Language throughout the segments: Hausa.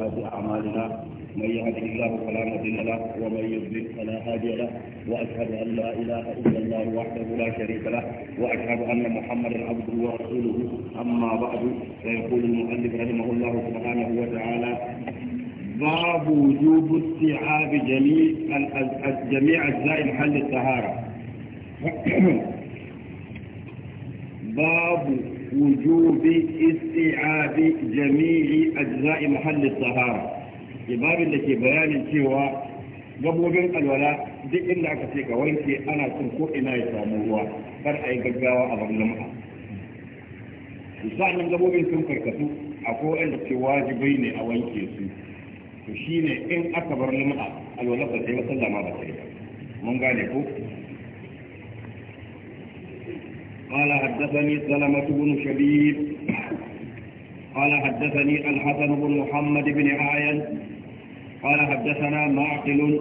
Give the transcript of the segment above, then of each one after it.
وسيئات أعمالنا من يهده الله فلا مضل له ومن يضلل فلا هادي له واشهد ان لا اله الا الله وحده لا شريك له واشهد ان محمدا عبده ورسوله اما بعد فيقول المؤلف رحمه الله سبحانه وتعالى باب وجوب استيعاب جميع جميع اجزاء محل الطهاره باب وجوب استيعاب جميع أجزاء محل الطهارة يباب لك بيان سوى gabobin alwala duk inda aka ce ka wanke ana son ko ya samu ruwa kar a yi gaggawa a barnama sa'annan gabobin sun karkatu akwai wanda ce wajibai ne a wanke su to shine in aka bar lum'a alwala ba ba mun gane قال حدثني سلمة بن شبيب قال حدثني الحسن بن محمد بن عاين قال حدثنا معقل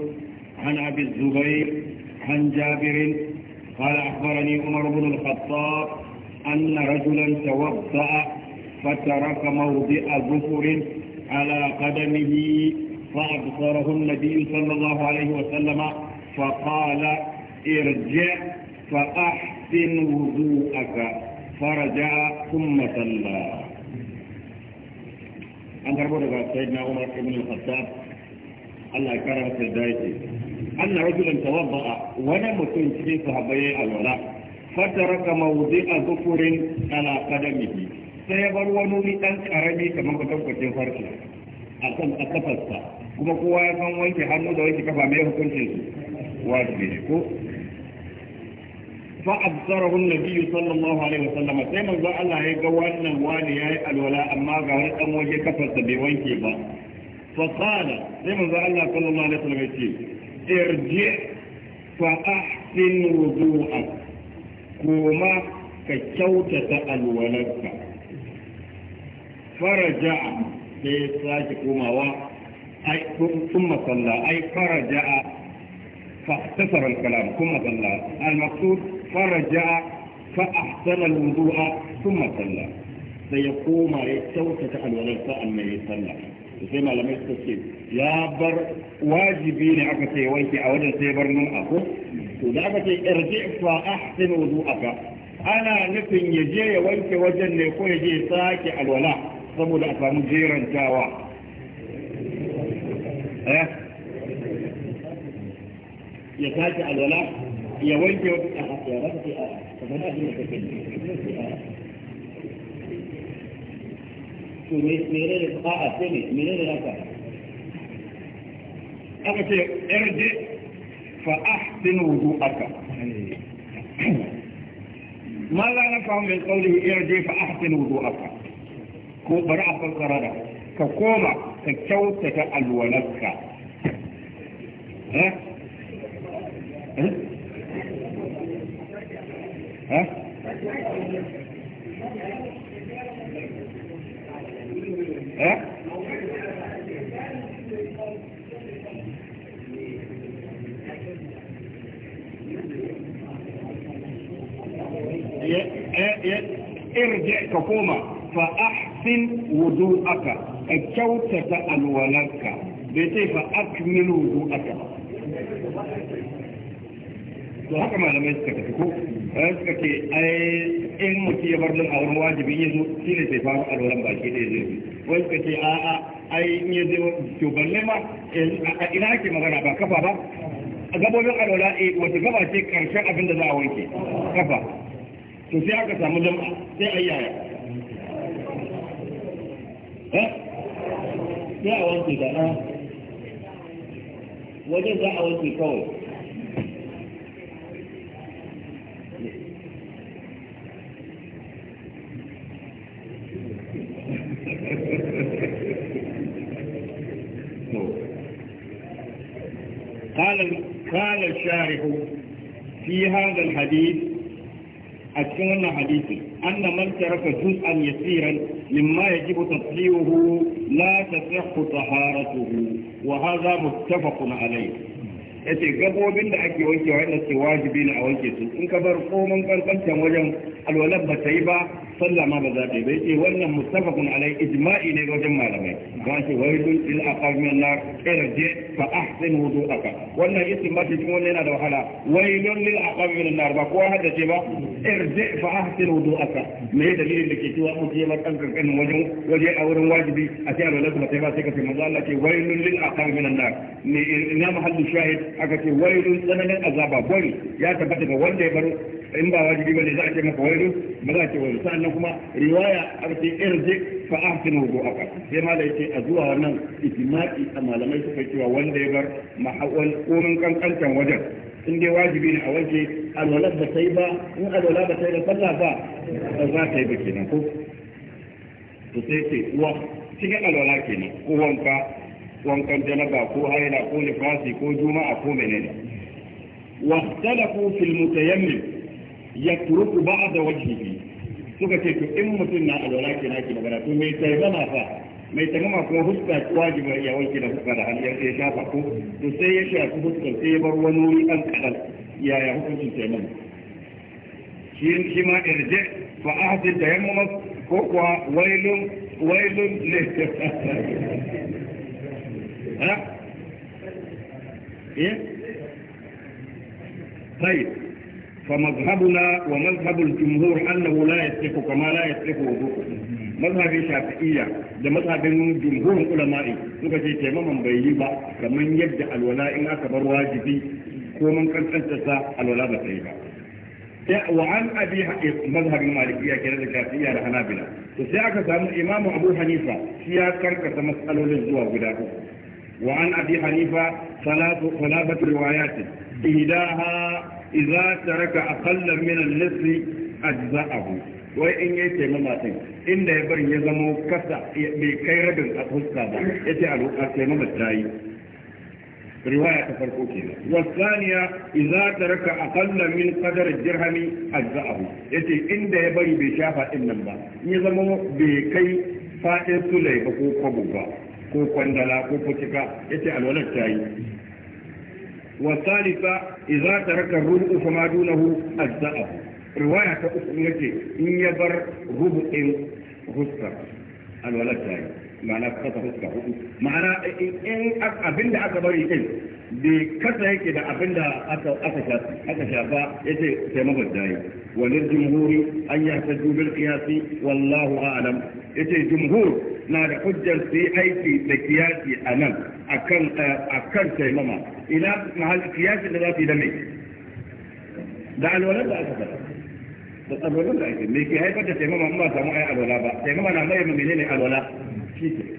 عن أبي الزبير عن جابر قال أخبرني عمر بن الخطاب أن رجلا توضأ فترك موضع ظفر على قدمه فأبصره النبي صلى الله عليه وسلم فقال ارجع فأحسن أحسن وضوءك فرجع ثم صلى an karbo daga sayyidina Umar ibn al-Khattab Allah ya kara masa da yake anna rajulan tawadda'a wani mutum cikin sahabbai alwala fataraka mawdi'a dhukurin ala qadamihi sai ya bar wani wuri dan karami kamar kwatan kwatan farki a kan kafarsa kuma kowa ya an wanke hannu da wanke kafa ma hukuncin su wajibi ko فأبصره النبي صلى الله عليه وسلم سيما ذا الله يقوانا والي الولاء أما غير أموجه كفت بوانكي با فقال سيما ذا الله صلى الله عليه وسلم ارجع فأحسن وضوءك كما كشوتة الولدك فرجع سيساك كما أي ثم صلى أي فرجع فاختصر الكلام ثم صلى المقصود فرجع فأحسن الوضوء ثم صلى سيقوم يتوتة ya أن يصلى sai malamai suka ya bar wajibi ne aka ce wanke a wajen sai bar nun to da aka ce irji fa ahsin wudu'aka ana nufin ya je ya wanke wajen ne ko ya je sake alwala saboda a samu jerantawa eh ya sake alwala هي وين يا احد يا رب في احد فمن اهل متكلم شو ميرة القاعة ثاني ميرة آه، القاعة آه، أما آه. شيء ارجع فأحسن وضوءك ما لا نفهم من قوله ارجع فأحسن وضوءك براءة القرارة كقومة تكوت تتألو لك ها ها ها ها ارجع كقومة فأحسن وضوءك كوتة الولدك بيتي فأكمل وضوءك وهكذا ما لم ran suka ce ai in mutum ya bar nan a wurin wajibi ya zo shi ne sai a alwalan baki ɗaya zai wani suka ce a a ai in ya zo to balle ma eh, ina ake magana ba kafa ba a gabobin alwala a eh, wata gaba ce karshen abin da za a wanke kafa to sai aka samu jama'a sai a yi yaya eh? sai a wanke da wajen za a wanke kawai الشارح في هذا الحديث أتكلم حديثي أن من ترك جزءا يسيرا مما يجب تطهيره لا تصح طهارته وهذا متفق عليه yace gabobin da ake wanke wa yadda wajibi na a wanke su in ka bar komin kankancan wajen alwalar ba ta yi ba sallah ma ba za ta yi ba yace wannan mustafakun alai ijma'i ne wajen malamai ba ce wai wailun lil aqamin nar irji fa ahsin wudu'aka wannan yace ma cikin wannan yana da wahala wai wailun lil aqamin nar ba kowa hada ce ba irji fa ahsin wudu'aka me dalilin da ke cewa mutum ya bar kankancan wajen waje a wurin wajibi a ce alwalar ba ta yi ba sai ka ce manzo Allah ce wai wailun lil aqamin nar ne ina mahallu shahid aka ce don tsananin azaba bari ya tabbata ga wanda ya baro in ba wajibi bane za a ce maka wailun ba za a ce wailun sannan kuma riwaya aka ce irji na ahsinu aka sai ma da yake a zuwa wannan ijma'i a malamai suka cewa wanda ya bar mahawal komin kankantan wajen in dai wajibi ne a waje alwalar ba ta yi ba in alwala ba ta yi ba sallah ba za ta yi ba kenan ko to sai ce wa cikin alwala kenan ko wanka wankan janaba ko haila ko nifasi ko juma'a ko menene واختلفوا في المتيمم يترك بعض وجهه suka ce to in mutum na alwala ke naki magana to mai taimama fa mai taimama kuma huska wajiba ya wanke da huska da hannu ya shafa ko to sai ya shafi huskar sai ya bar wani wuri an kadan yaya hukuncin taimama shi shi ma irje fa ahdin tayammama ko kuwa wailun wailun ها ايه طيب فمذهبنا ومذهب الجمهور انه لا يصح كما لا يصح وضوءه mazhabin shafi'iyya da mazhabin jumhurin ulama'i suka ce taimaman bai yi ba kamar yadda alwala in aka bar wajibi ko man kankanta sa alwala ba yi ba eh, wa an abi haƙi eh, mazhabin malikiya kenan da shafi'iyya da hanabila to sai aka samu imam abu hanifa shi ya karkata matsalolin zuwa guda uku وعن أبي حنيفة ثلاث ثلاثة روايات إهداها إذا ترك أقل من النصف أجزاءه وإن يتي مماتين إن يبر يزمو كسا بكي ربن أتوسكا با يتي ألو أتي ممتاي رواية فرقوكي والثانية إذا ترك أقل من قدر الدرهم أجزاءه يتي إن يبر بشافة إنما يزمو بكي فائد سلي بكو قبو ko kwandala ko fucika ya ce ta yi wa salisa iza ta raka rubu fa ma dunahu azza'a riwaya ta uku ya ce in ya bar rubu din husta alwalar ta yi ma'ana kasa huska hudu ma'ana in abin aka bari din bai kasa yake da abin da aka shafa ya ce sai mabar da yi wani jimhuri an yi kiyasi wallahu alam ya ce na da hujjar su yi aiki da kiyasi a nan a kan taimama ina mahal kiyasi da za su yi da mai da alwalar da aka fara da alwalar da ake mai ke haifar da taimama in ba samu ai alwala ba taimama na mai menene alwala shi ke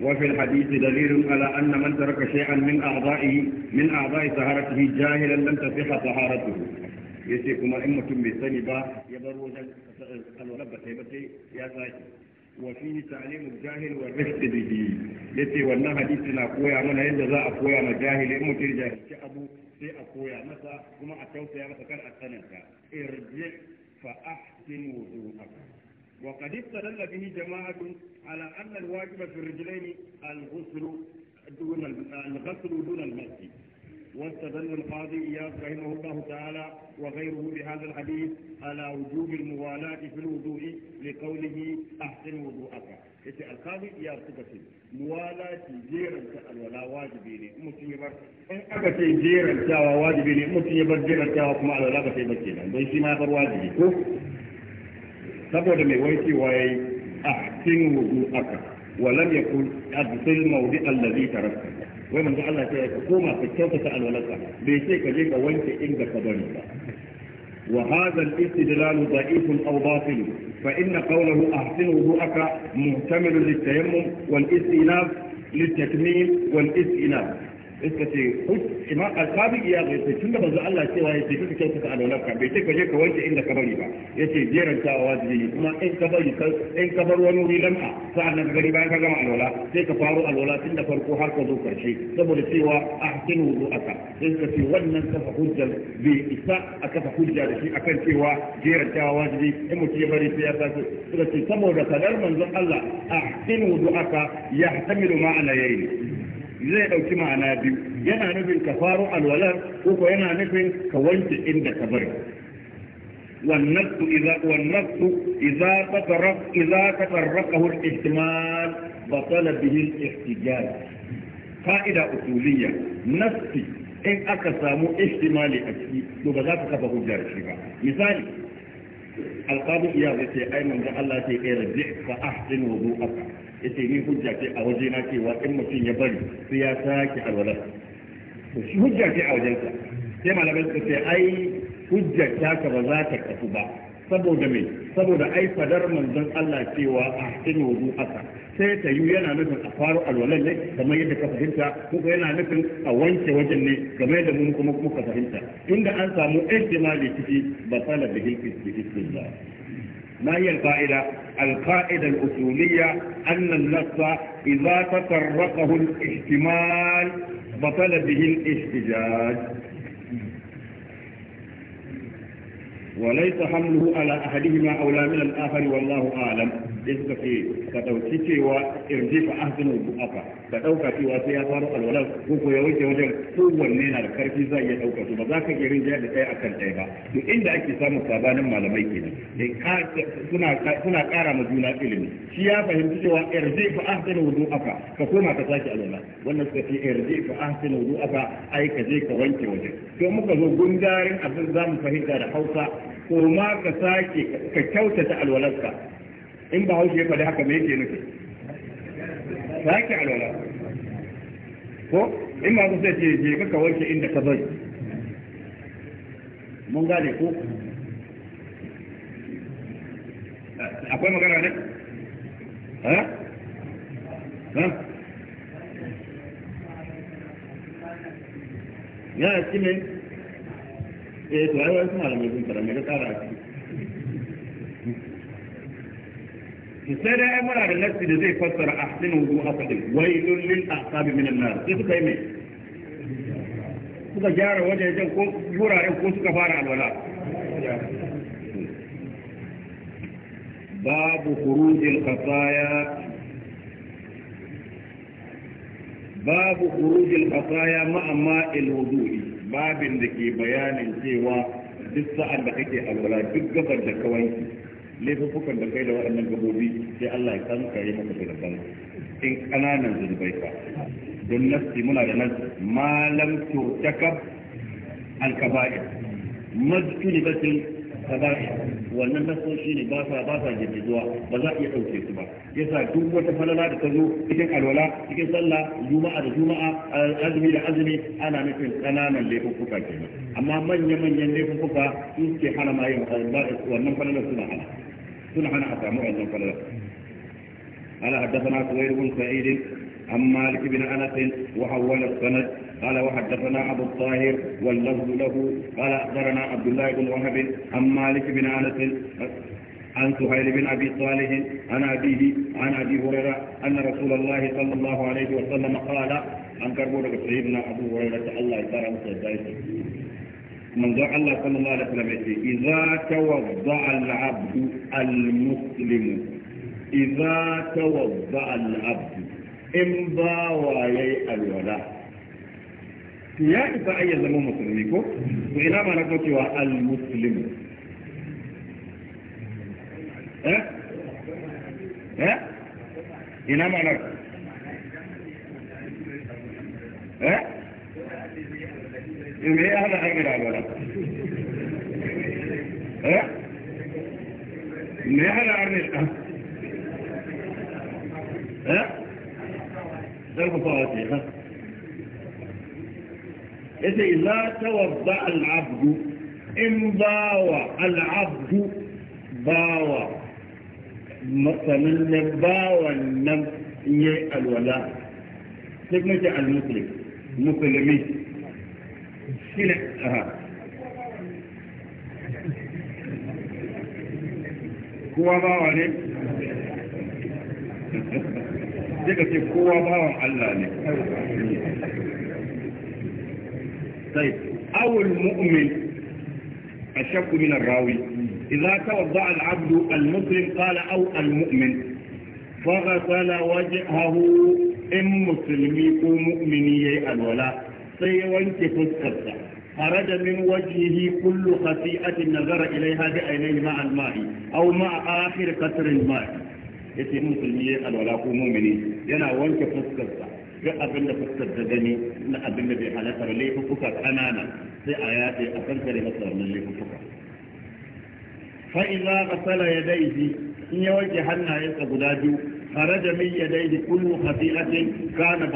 وفي الحديث دليل على أن من ترك شيئا من أعضائه من أعضاء طهارته جاهلا لم تصح طهارته يسيكما إمة بسنبا يبرو الولبة هيبتي يا ساكي وفيه تعليم الجاهل والرفق به yace wannan hadisi na koya mana yadda za a koya ma jahili in mutum jahilci sai a koya masa kuma a tausaya masa kar a tsananta irji fa ahsin wudu'ak wa qad istadalla bihi jama'atun ala anna al-wajiba fi ar-rijlayn al-ghusl dun al-ghusl واستدل القاضي اياد رحمه الله تعالى وغيره بهذا الحديث على وجوب الموالاه في الوضوء لقوله احسن وضوءك. القاضي اياد سبتي موالاه جيرا ولا واجبين مصيبر ان اكت جيرا تاوى واجبين مصيبر جيرا تاوى كما على لا بس يبتل ليس ما غير واجبين. تبدل ويسي واي احسن وضوءك ولم يكن ادخل موضع الذي تركته. wai manzo Allah ya ce koma ka kyautata alwalarka bai ce ka je ka wanke inda ka bari ba وهذا الاستدلال ضعيف أو باطل فإن قوله أحسن وضوءك محتمل للتيمم والاستئناف للتكميل والاستئناف Ka ce imam al-sabi ya bai ce tunda manzo Allah cewa ya ce kika kyauta ka alwala ka bai ce ka je ka wanke inda ka bari ba yace jeran ta wajibi kuma in ka bari in ka bar wani wuri lamka sa'annan ka gari bayan ka gama alwala sai ka faro alwala da farko har ka zo karshe saboda cewa ahsin wudu'aka sai ka ce wannan kafa hujja bai isa a kafa hujja da shi akan cewa jeran ta wajibi in mutum ya bari sai ya sake suka saboda kadar manzon Allah ahsin wudu'aka yahtamilu ma'ana yayin zai dauki ma'ana biyu yana nufin ka faro alwalar ko ko yana nufin ka wanke inda ka bari والنفس إذا والنفس إذا تفرق إذا تفرقه الاحتمال بطل به الاحتجاج قاعدة أصولية نفسي إن أقسم احتمالي أكسي لبغات كفه جارشي مثالي القاضي إياه يتي أيمن الله تي إرجع فأحسن وضوءك yace ni hujja ce a waje na cewa in mutum ya bari sai ya sake alwala to shi hujja ce a wajensa sai malamai suka ce ai ta ka ba za ta kafu ba saboda me saboda ai fadar manzon Allah cewa wudu wudu'aka sai ta yi yana nufin a faru alwalan ne kamar yadda ka fahimta kuma yana nufin a wanke wajen ne kamar yadda mun kuma ka fahimta tunda an samu ihtimali ciki ba salat da hilfi da ما هي القائدة القائدة الأصولية أن النص إذا تطرقه الاحتمال بطل به الاحتجاج وليس حمله على أحدهما أولى من الآخر والله أعلم suka ce ka ɗauki cewa irje fa ahsinu du'afa ka ɗauka cewa sai ya faru alwala ko ko ya wuce wajen kowanne na da karfi zai iya ɗauka su ba za ka iya jiya da ɗaya akan ɗaya ba to inda ake samun sabanin malamai ke suna suna ƙara ma juna ilimi shi ya fahimci cewa irje fa ahsinu du'afa ka koma ka sake alwala wannan suka ce fa ahsinu du'afa ai ka je ka wanke wajen to muka zo gundarin abin za fahimta da Hausa ko ma ka sake ka kyautata alwalarka in ba haushi ya faɗi haka me yake nufi sake alwala ko in ba ku sai je ka ka wanke inda ka zai mun gane ko akwai magana ne ha eh? ha eh? ya ci ne eh to ai wani karamin da mai a ciki sai dai ai mara da nassi da zai fassara ahsinu wudu wai wailul lil aqabi minan nar sai suka yi mai suka gyara wajajen ko wuraren ko suka fara alwala babu khurujil qataya babu khurujil qataya ma amma wudu'i babin da ke bayanin cewa duk sa'an da kake alwala duk gabar da ka wanke laifukan da kai da waɗannan gabobi sai Allah ya kanka yi maka zunuban in ƙananan zunubai ka don nasi muna da nan malam turtakab da mazkunibatin kaba'i wannan nasoshi ne ba sa ba sa girgizuwa ba za a iya ɗauke su ba yasa duk wata falala da ta zo cikin alwala cikin sallah juma'a da juma'a azumi da azumi ana nufin ƙananan laifuffuka kenan amma manya-manyan laifuffuka su ke hana ma yin wannan falalar suna hana سنة hana a samu wannan falala ala haddathana kuwayr bin sa'id an malik bin anas wa hawala قال وحدثنا أبو الطاهر واللفظ له قال أخبرنا عبد الله بن وهب عن مالك بن أنس عن سهيل بن أبي صالح عن أبيه عن أبي هريرة أن رسول الله صلى الله عليه وسلم قال أنكر بورك سيدنا أبو هريرة الله يترى مسجد من ذا الله صلى الله عليه وسلم إذا توضع العبد المسلم إذا توضع العبد إمضى ويأي الولاء يا إذا أي زمان مسلميكم وإلى ما نقوتي هو المسلم ها ها ما نقول ها يقول ايه هذا اذا توضع العبد ان باوى العبد باوى مثلا لباوى النم ايه الولاء تبنجع المسلم المسلمين مشكلة أه. هو ضاوني دقتي هو ضاو علاني طيب أول مؤمن أشك من الراوي إذا توضع العبد المسلم قال أو المؤمن فغسل وجهه إن مسلميك مؤمنيه الولاء sai ya wanke fuskarsa خرج من وجهه كل خطيئة nazara, ilai بعينيه مع الماء أو مع آخر قطر الماء yace musulmi ya alwala ko mumini yana wanke fuskarsa ga abin da fuskar da gani na abin da bai halatta ba laifuka kanana sai a yaɗe a kan kare masa wannan laifuka fa idza ghasala yadayhi in ya wanke hannayensa guda biyu خرج من يديه كل خطيئة كان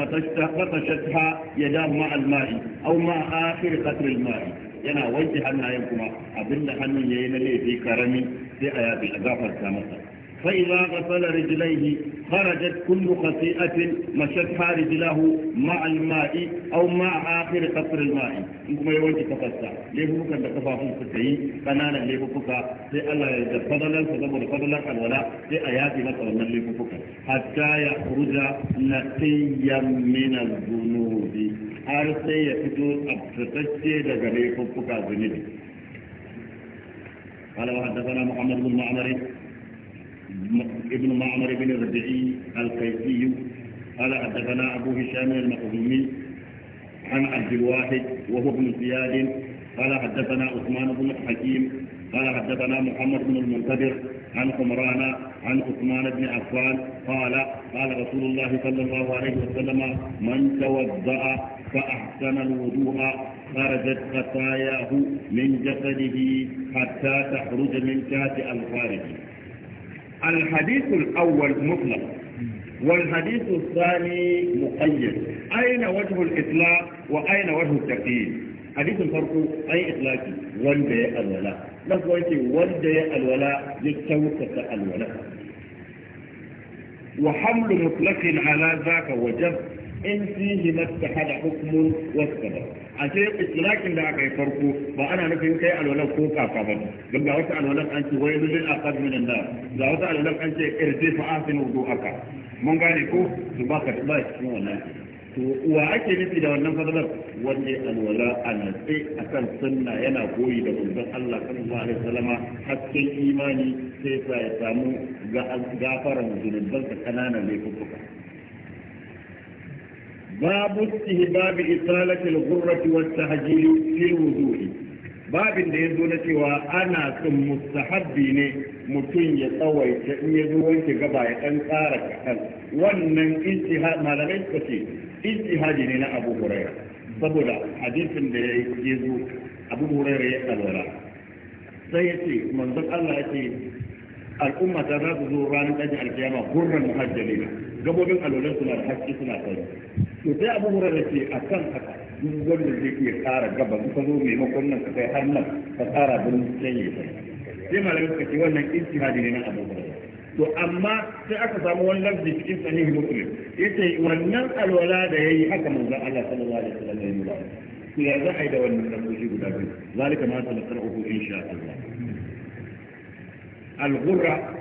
بطشتها يدام مع الماء أو مع آخر قطر الماء ينا وجه أنها يمكن أبن حني يين لي في كرمي في آيات الأجافة السامسة فإذا غسل رجليه خرجت كل خطيئة مشتها رجله مع الماء أو مع آخر قطر الماء إنكم يوانك تفسع ليه بك أن تفاهم ستعين فنانا ليه بك في الله يجب فضلا فضلا فضلا الولاء في آيات نصرنا ليه بك حتى يخرج نقيا من الذنوب أرسي يفتون أبسطتك لغليه بك ذنوب قال وحدثنا محمد بن معمر ابن معمر بن الربيعي القيسي قال حدثنا أبو هشام المخزومي عن عبد الواحد وهو ابن زياد قال حدثنا عثمان بن الحكيم قال حدثنا محمد بن المنتظر عن عمران عن عثمان بن عفان قال قال رسول الله صلى الله عليه وسلم من توضأ فأحسن الوضوء خرجت خطاياه من جسده حتى تخرج من كاس الخارج الحديث الأول مطلق والحديث الثاني مقيد أين وجه الإطلاق وأين وجه التقييد hadisin farko an yi itlaki wanda ya alwala na wanda ya alwala ya kyautata alwala wa hamlu ala zaka wajab in fihi mastahada hukmun wasaba a ce istilakin da aka yi farko ba ana nufin kai alwalan ko kafa ba don ga wata alwalan an ce wai lil a kan an da ga wata alwalan an ce irje fa ahsin aka mun gane ko su ba ka ba shi wannan to wa ake nufi da wannan fadalar wanda alwala a natsi a kan sunna yana koyi da manzon Allah sallallahu alaihi wasallama hasken imani sai sa ya samu gafaran zunubansa kananan laifuka باب استهباب إطالة الغرة والتهجير في الوضوء babin da ya zo na cewa ana son mustahabbi ne mutum ya tsawaita in ya zo wanke gaba ya ɗan tsara kaɗan wannan ijtihad malamai suka ce ijtihadi ne na Abu saboda hadisin da ya zo Abu Huraira ya alwala sai ya ce manzon Allah ya al'umma ta za su zo ranar ɗajin alkiyama gurran muhajjalina gabobin alolin suna da haske suna kai to sai abu da ke a kan haka duk wanda zai iya tsara gaba in ka zo maimakon nan ka kai har nan ka tsara birnin can ya kai sai malamai suka ce wannan ijtihadi ne na abu hurara to amma sai aka samu wani lafzi cikin sahih muslim yace wannan alwala da yayi haka manzon Allah sallallahu alaihi wasallam ya yi ya za a yi da wannan lafzi guda biyu zalika ma sanaqrahu insha Allah al-ghurra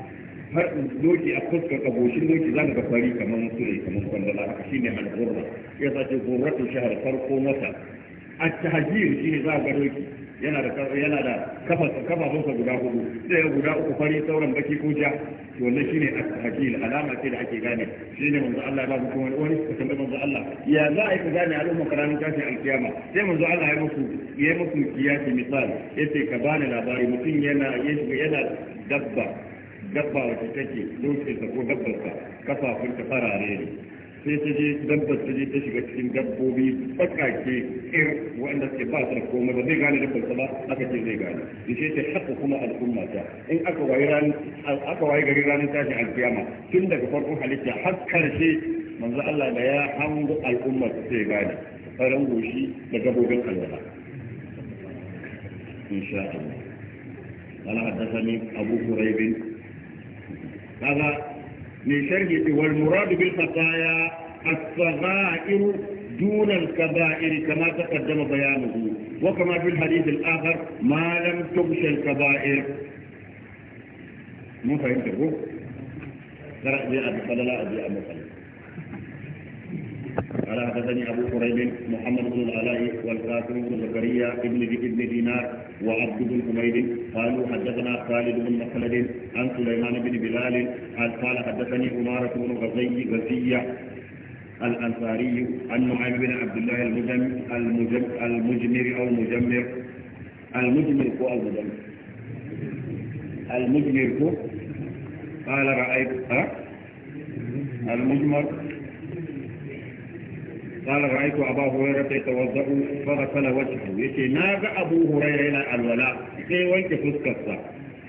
haɗin doki a ka kaboshin doki za ga fari kamar sule kamar kwandala haka shine al-ghurra ya sace gurratu shahar farko a at-tahjir ne za ga doki yana da yana da kafafunsa guda hudu sai guda uku fari sauran baki ko ja to wannan shine at-tahjil alama ce da ake gane shine manzo Allah ya ba kuma wani suka tambaye manzo Allah ya za a yi gane al'umma karamin tashin alkiyama sai manzo Allah ya musu ya musu kiyasi misali yace ka bani labari mutum yana yana dabba dabba wacce take dokin ko dabbar ka kafafun ta farare ne sai ta je dabbar ta je ta shiga cikin dabbobi tsakake ir wanda ke ba ta komai ba zai gane da ta ba aka ce zai gane ishe ta haka kuma al'umma ta in aka wayi ran aka wayi gari ranar tashin alkiyama tun daga farkon halitta har karshe manzo Allah da ya hango al'umma ta zai gane faran goshi da gabobin alwala insha Allah haddasa ni abu kurai bin هذا من والمراد بالخطايا الصغائر دون الكبائر كما تقدم بيانه وكما في الحديث الآخر ما لم تبش الكبائر مو فهمت ترى أبي أبي أبي أبي قال حدثني ابو كريب محمد بن العلاء والكاتب بن زكريا ابن ابن دينار وعبد بن حميد قالوا حدثنا خالد بن مخلد عن سليمان بن بلال قال حدثني عمارة بن غزي غزية الأنصاري عن نعيم بن عبد الله المجمر, المجمر أو المجمر المجمر هو المجمر المجمر قال رأيت المجمر قال رأيت أبا هريرة يتوضأ فغسل وجهه يتي ناغ أبو هريرة إلى الولاء سي وانك فسكسة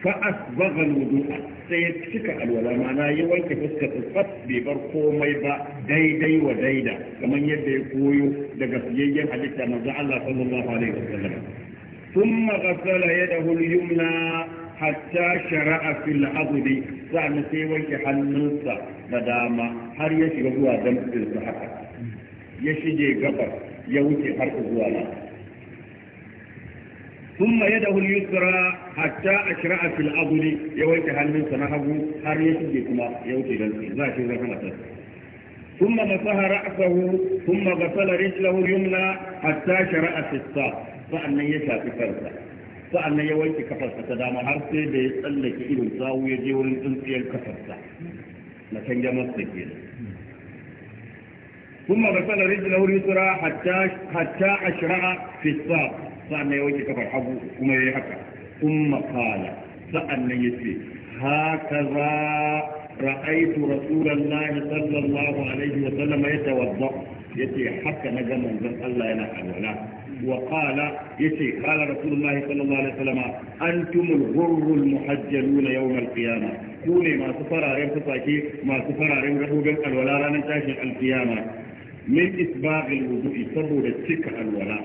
فأسبغ الوضوء سي يتشك الولاء معنا يوانك فسكسة فسبي برقو ميبا ديدي وديدا كمن يدي قويو لقفيا حديثة مزع الله صلى الله عليه وسلم ثم غسل يده اليمنى حتى شرع في العضد سعنا سي وانك حنوسة بداما هل يشغلوا دمسل صحفة ya shige ya wuce har zuwa nan sun ma yadda hul hatta a shira a fil aduli hannunsa na hagu har ya kuma ya wuce don su za a shi zaka matar sun ma masaha ra'asahu sun ma gasala rijlahu yumna hatta shira a fista ya shafi kansa sa'annan ya wanke kafarsa ta dama har sai da ya tsallake irin sawu ya je wurin tsintsiyar kafarsa na can gamar sa kenan ثم غسل رجله اليسرى حتى حتى أشرع في الساق سألنا يوجه كفر حبو وما يحكى ثم قال فان يسري هكذا رأيت رسول الله صلى الله عليه وسلم يتوضأ يتي حتى نجم من الله ينحى ولا وقال يتي قال رسول الله صلى الله عليه وسلم أنتم الغر المحجلون يوم القيامة قولي ما سفر عليهم تفاكي ما سفر عليهم رحوبا الولا رانا تاشر القيامة min isbagil wudu'i saboda cika alwala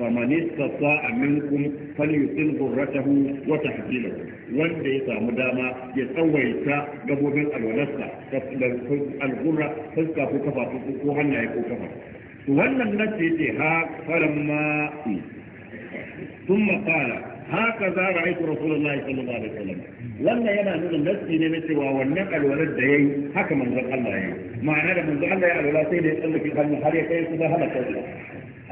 faman istata'a minkum falyusil ghurratahu wa tahdilahu wanda ya samu dama ya tsawaita gabobin alwalarsa da al-ghurra fuska ko kafa ko hannaye ko kafa wannan nace ce ha falamma ثم قال هكذا رأيت رسول الله صلى الله عليه وسلم wannan yana nuna nasi ne na cewa wannan alwalar da ya yi haka manzon Allah yi ma'ana da manzon Allah ya alwala sai da ya tsallake hannu har ya kai su da halaka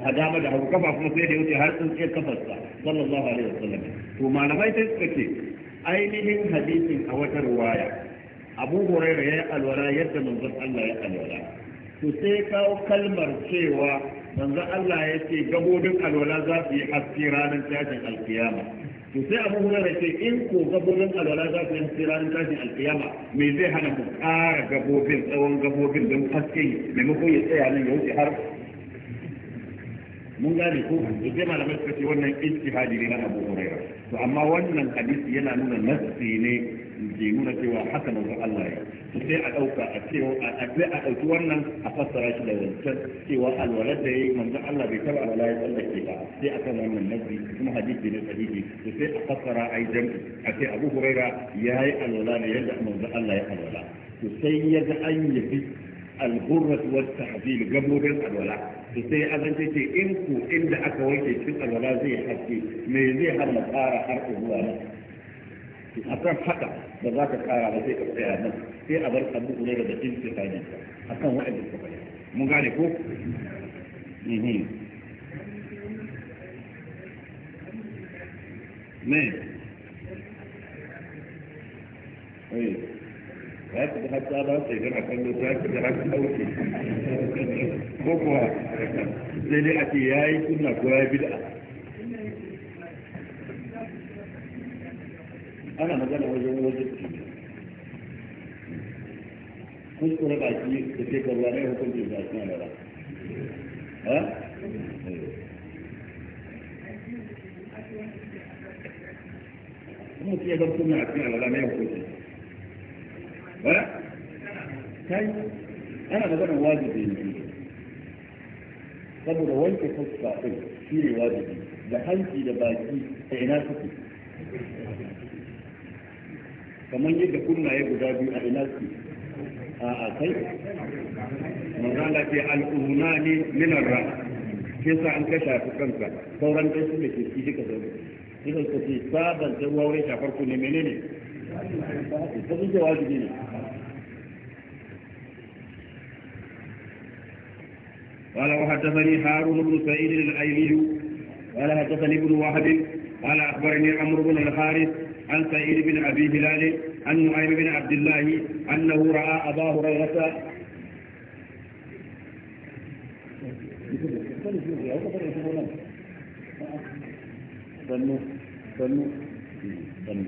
a dama da hagu kafa kuma sai da ya wuce har sun tsintsiyar kafarsa sallallahu alaihi sallam to malamai sai suka ce ainihin hadisin a wata ruwaya abu da ya yi alwala yadda manzon Allah ya alwala to sai kawo kalmar cewa manzon Allah ya ce gabodin alwala za su yi haske ranar cajin alkiyama to sai abu da ce in ko gabobin alwala za su yi tsiranin tashin alkiyama me zai hana ku ƙara gabobin tsawon gabobin don haske maimakon ya tsaya nan ya wuce har mun gane ko sai malamai suka ce wannan ijtihadi ne na Abu Huraira to amma wannan hadisi yana nuna nassi ne ke nuna cewa haka manzo Allah ya sai a dauka a cewa a sai a dauki wannan a fassara shi da wancan cewa alwalad da yayi manzo Allah bai taba alwala ya tsallake ba sai akan wannan nassi kuma hadisi ne sahihi to sai a fassara ai jam'i a ce Abu Huraira yayi alwala ne yadda manzo Allah ya alwala to sai ya ga an yi al-burrat wa tahzil gabobin alwala to sai ku inda aka wanke cikin alwala zai haske me zai kara ba sai a ya shiga har tsada sai kallo ta a yi ko ya yi bid'a ana magana wajen wajen kuskure baki da ke ne hukuncin da suna da ha? cikin alala Eh? kai ana maganar wajibi ne saboda wanke fuska din shi ne wajibi da hanci da baki a ina suke kamar yadda kunnaye guda biyu a ina suke a kai magana ke al'umma ne minar ra ke sa an kashe shafi kanka sauran ɗan su da ke shi duka zaune. Ita ce sabon ruwa wurin shafar ku ne menene ولو جواز دينه قال وحدثني هارون بن سعيد الايلي قال حدثني ابن وهب قال اخبرني عمرو بن الحارث عن سعيد بن ابي هلال عن نعيم بن عبد الله انه راى ابا هريره فنو فنو فنو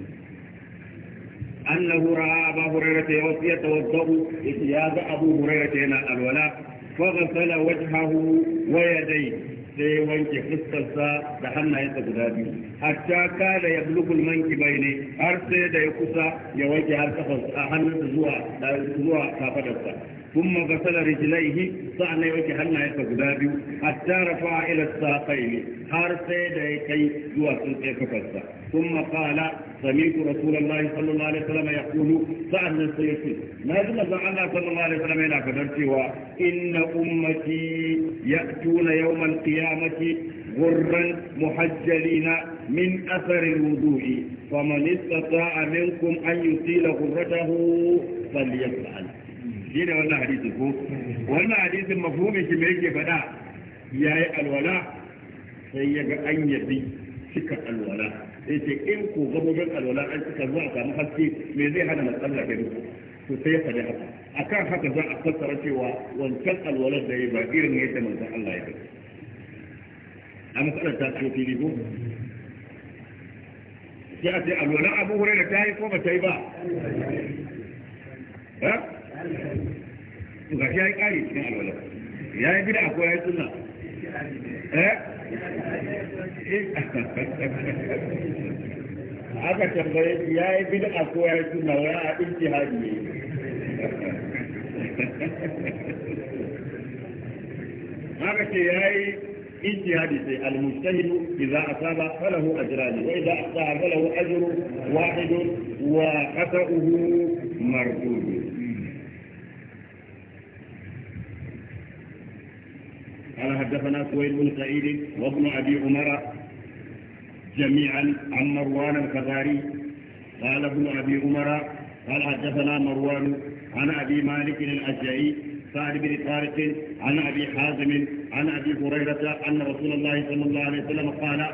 أنه رأى أبا هريرة يتوضأ اتياد أبو هريرة هنا الولاء فغسل وجهه ويديه sai wanke fuskarsa da hannayensa guda biyu hatta ka da ya bulukul manki bai ne har sai da ya kusa ya wanke har kafarsa hannunsa zuwa zuwa kafadarsa kun magasala rijilaihi sa'annan ya wanke hannayensa guda biyu hatta rafa ila sa kai ne har sai da ya kai zuwa sun kai kafarsa kun makala سمعت رسول الله صلى الله عليه وسلم يقول سعد سيسي ما زل الله صلى الله عليه وسلم هنا كدرتي إن أمتي يأتون يوم القيامة غرا محجلين من أثر الوضوء فمن استطاع منكم أن يطيل غرته فليفعل shi ne wannan hadisi ko wannan hadisin mafhumin shi me yake faɗa yayi alwala sai ya ga an yabi cika alwala sai ce in ko gabobin alwala an suka zuwa samu haske me zai hana matsala to sai ya faɗi haka akan haka za a fassara cewa wancan alwalar da ya ba irin yadda manzon Allah ya a matsalar ta ce fili ko sai ce alwala abu da ta yi ko ba ba ga shi ya yi ƙari cikin alwala ya yi bida eh aka tambaye ya yi bid'a ko ya yi suna wani a ɗinki haji ne aka ce ya yi ɗinki haji sai almustahidu idza asaba falahu ajrani wa idza asaba falahu ajru wahidun wa wa qata'uhu mardud قال حدثنا سويد بن سعيد وابن أبي عمر جميعا عن مروان الخزاري قال ابن أبي عمر قال حدثنا مروان عن أبي مالك الأشعري سعد بن طارق عن أبي حازم عن أبي هريرة أن رسول الله صلى الله عليه وسلم قال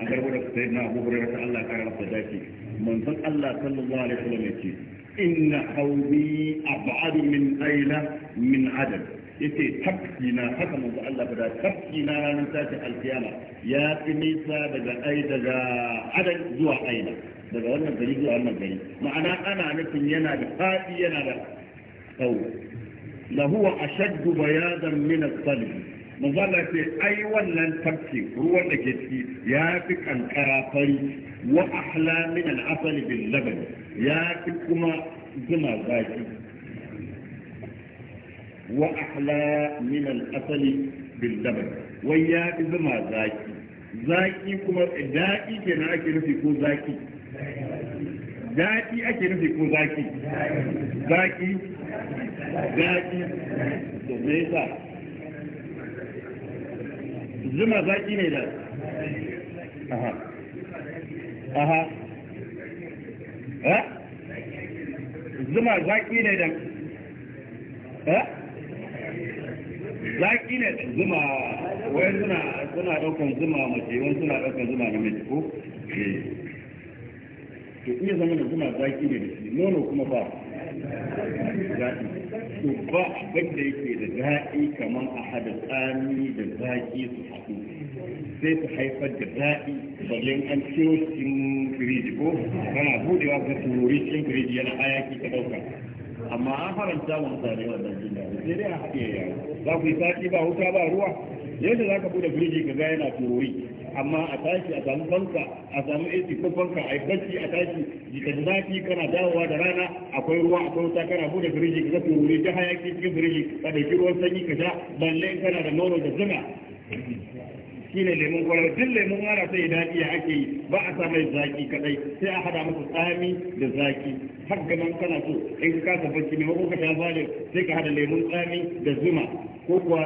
أكرم سيدنا أبو هريرة الله كرم صداتي من صدق الله صلى الله عليه وسلم يقول إن قومي أبعد من ليلة من عدد yace takfina haka manzo Allah fada takfina ranar tashi alkiyama ya fi nisa daga ai daga adal zuwa aina daga wannan gari zuwa wannan gari ma'ana ana nufin yana da fadi yana da tsawo lahu wa ashaddu bayadan min as-salib manzo Allah ce ai wannan tafki ruwan da ke ciki ya fi kankara fari wa ahla min al-asal bil laban ya fi kuma zuma zaki وأحلى من الأصل باللبن ويا إذا زاكي zaki kuma daɗi ke na ake nufi ko zaki daɗi ake nufi ko zaki zaki daɗi da me yasa zuma zaki ne da aha aha ha zuma zaki ne da ha zaki ne zuma wai suna suna daukan zuma mace wani suna daukan zuma na miji ko eh. to iya zama da zuma zaki ne da shi nono kuma ba zaki to ba abin da yake da zaki kamar a hada tsami da zaki su haɗu sai su haifar da zaki bayan an ciro cikin firiji ko kana budewa ka turori cikin firiji yana hayaki ka dauka amma an faranta wa mutane wannan jin daɗi sai dai a haɗe yawa za ku yi sati ba wuta ba ruwa yadda za ka bude firiji ka ga yana turori amma a tashi a samu fanka a samu AC ko fanka a yi bacci a tashi jikin zafi kana dawowa da rana akwai ruwa akwai wuta kana bude firiji ka ga turori ta hayaki cikin firiji ka dauki ruwan sanyi ka sha balle kana da nono da zuma shine lemun kwalaba duk lemun ana sai daɗi ya ake yi ba a sa mai zaki kadai sai a hada masa tsami da zaki har gaban kana so in ka kasa bacci ne ko ka sha zalim sai ka hada lemun tsami da zuma ko kuwa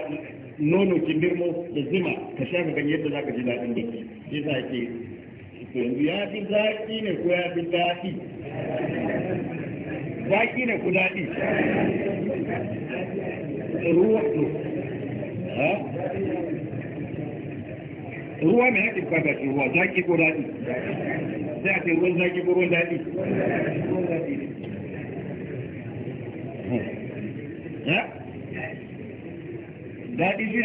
nono kindirmo da zuma ka sha ka yadda za ka ji daɗin da ke shi yasa ake yanzu ya fi zaki ne ko ya fi daɗi zaki ne ku daɗi ruwa ha ruwa mai haɗin fata ce ruwa zaƙi ko daɗi sai a ce ruwan zaƙi ko ruwan daɗi eh? daɗi shi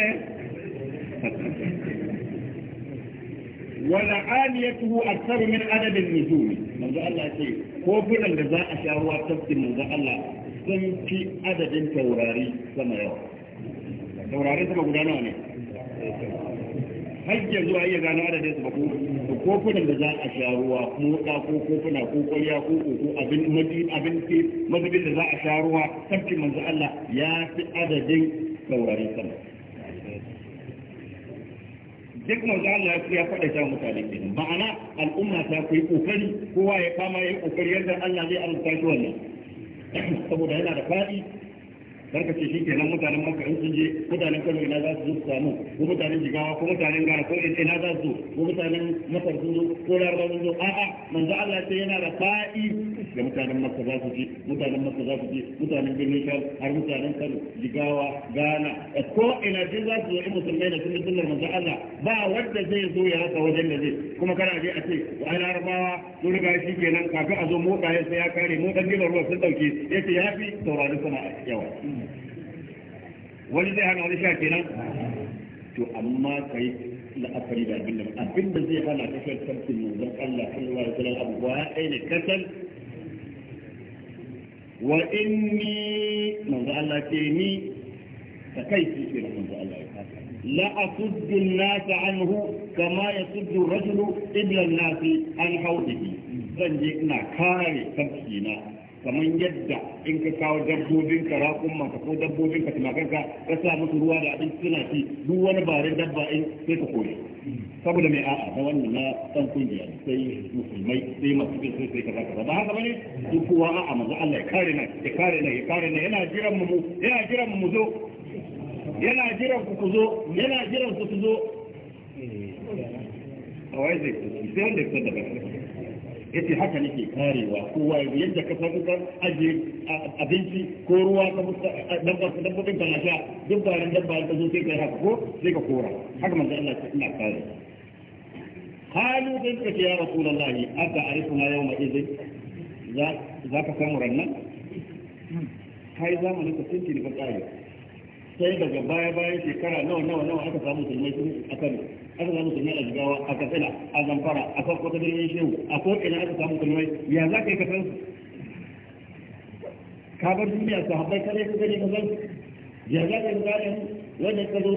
ne wala aniyatuhu aktaru min adadin nujumi manzo Allah ce ko bulan da za a sha ruwa tafkin manzo Allah sun fi adadin taurari sama yawa taurari sama guda nawa ne har zuwa a iya gano adadin su ba ko kofunan da za a sha ruwa motsa ko kofuna ko kwalya ko koko abin abin mazubin da za a sha ruwa sarki manzo Allah ya fi adadin saurari sama duk manzo Allah ya faɗa ta mutane ke ma'ana al'umma ta kai kokari kowa ya fama ya kokari yadda Allah zai amsa shi wannan saboda yana da fadi barka ka ce shi kenan mutanen maka in sun je mutanen kano ina za su zo su samu ko mutanen jigawa ko mutanen gana ko ina za su zo ko mutanen masar sun zo ko larabar sun zo a'a manzo Allah sai yana da fa'i ga mutanen maka za su je mutanen maka za su je mutanen birnin sham har mutanen kano jigawa gana ko ina duk za su zo in musulmai da sun yi sunnar manzo Allah ba wanda zai zo ya rasa wajen da zai kuma kana je a ce wa larabawa sun riga shi kenan kafin a zo mota ya sai ya kare motan gidan ruwa sun dauke yace yafi saurari sana'a yawa wani zai hana wani sha kenan to amma kai la'akari da abin da abin da zai hana kasar sarkin manzon Allah sallallahu alaihi wasallam abu ba ɗaya ne kasar wa inni manzo Allah ce ni ta kai shi ke manzo Allah la asuddu an-nas anhu kama yasuddu ar-rajulu ibla an-nas an hawdihi zan je ina kare sarki kamar yadda in ka kawo dabbobin ka rakun maka ko dabbobin ka tumakan ka ka sa musu ruwa da abin suna ci duk wani barin dabba in sai ka koyi saboda mai a'a da wannan na san kungiya sai musulmai sai masu bin sai sai kaza kaza ba haka bane duk kowa a'a manzo Allah ya kare na ya kare na ya kare na yana jiran mu yana jiran mu zo yana jiran ku zo yana jiran ku zo eh. a wai zai sai wanda ya fitar da yace haka nake karewa kowa yadda ka faɗi ka aje abinci ko ruwa ka mutu dabbobin ka sha duk dabba ka zo sai ka haka ko sai ka kora haka manzo Allah ya ina kare قالوا ذلك za ka الله أتعرفنا يومئذ ذاك ذاك سامرنا هاي زمن ne sai daga baya bayan shekara nawa nawa nawa aka samu musulmai sun a kano aka samu sulmai a jigawa a katsina a zamfara a farko ta birnin shehu a ko'ina aka samu musulmai ya za ka yi kasan su ka bar duniya su haɓar kare su gani kasan su ya za ka yi zaɓen wanda ka zo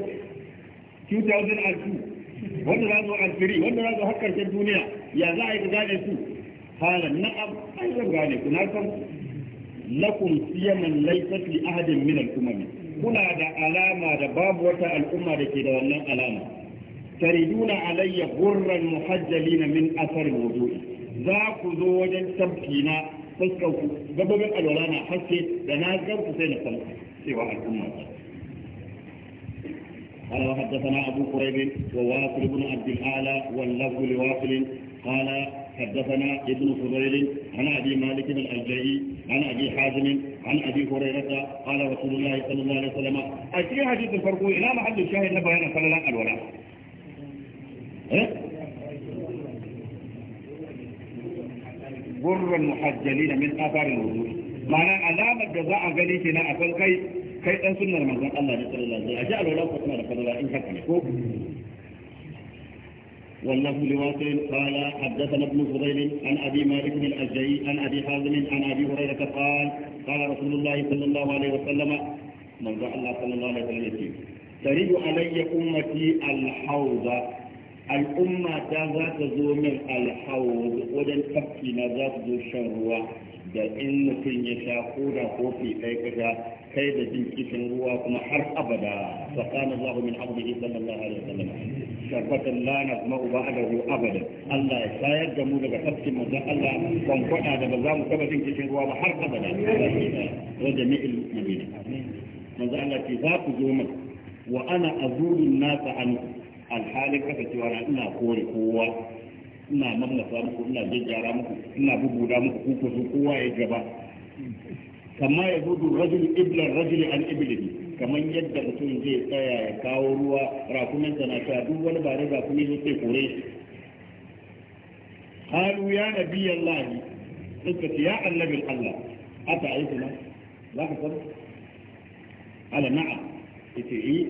2002 wanda za zo alfiri wanda za zo har ƙarshen duniya ya za a yi ka su hala na'am ai zan gane ku na san lakum siyaman laifafi ahadin minal al-umami muna da alama da babu wata al'umma da ke da wannan alama tariduna alayya gurran muhajjalina min asar wudu'i za ku zo wajen tabkina fuskar ku gabobin alwala na haske da na gan sai na san cewa al'umma قال وحدثنا أبو قريب وواصل بن عبد الأعلى واللفظ لواصل قال حدثنا ابن فضيل عن أبي مالك الألجئي عن أبي حازم عن ابي هريره قال رسول الله صلى الله عليه وسلم أشياء حديث الفرقو الى محل الشاهد نبهنا صلى الله عليه وسلم غر المحجلين من اثار الوضوء معنى علامة جزاء غنيتنا أفل كي كي أنسلنا لمنزل الله صلى الله عليه وسلم أشياء الولاء قصنا لفضل الله إن حقنا واللفظ لواصل قال حدثنا ابن فضيل عن ابي مالك الاشجعي عن ابي حازم عن ابي هريره قال قال رسول الله صلى الله عليه وسلم من دعا الله صلى الله عليه وسلم ترد علي امتي الحوض الامه ذات زوم الحوض ودن تبكي ذات زوم الشروه da in mutum ya sha ko da kofi ɗaya kaga kai da jin kishin ruwa kuma har abada sakana Allah min abdihi sallallahu alaihi wasallam sharbatan la nasma'u ruwa abada Allah ya shayar da mu daga tafkin manzon Allah kan kwada da ba za mu taba jin kishin ruwa ba har abada wa jami'il mu'minin manzon Allah ce za ku zo min wa ana azuru nasa an alhalin kasancewa ina kore kowa ina mamlaka muku ina jajjara muku ina bubuda muku ku ku kowa ya gaba kamar ya duk rajul iblan rajul an iblihi kamar yadda mutum zai tsaya ya kawo ruwa rakumin na ta duk wani ba da rakumin zai sai kore halu ya nabi Allah suka ce ya annabi Allah ata aikuna za ka san ala na'am yace yi eh,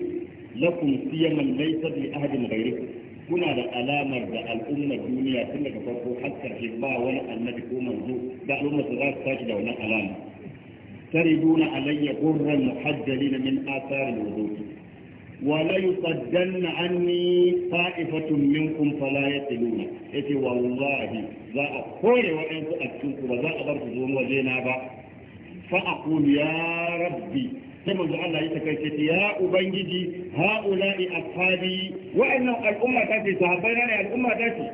lakum siyaman laysa bi ahadin ghayrikum kuna da alamar da al'ummar duniya tun daga farko har karshe ba wani annabi ko manzo da al'ummar su za su tashi da wannan alama تردون علي غرا محجلين من آثار الوضوء ولا يصدن عني طائفة منكم فلا يتلون يتي والله ذا أقول وإنت أتوك وذا أبرت زوم وزينا فأقول يا ربي sai manzo Allah ya takaice ya ubangiji haula'i ashabi wa'annan al'umma ta ce sahabbai na ne al'umma ta ce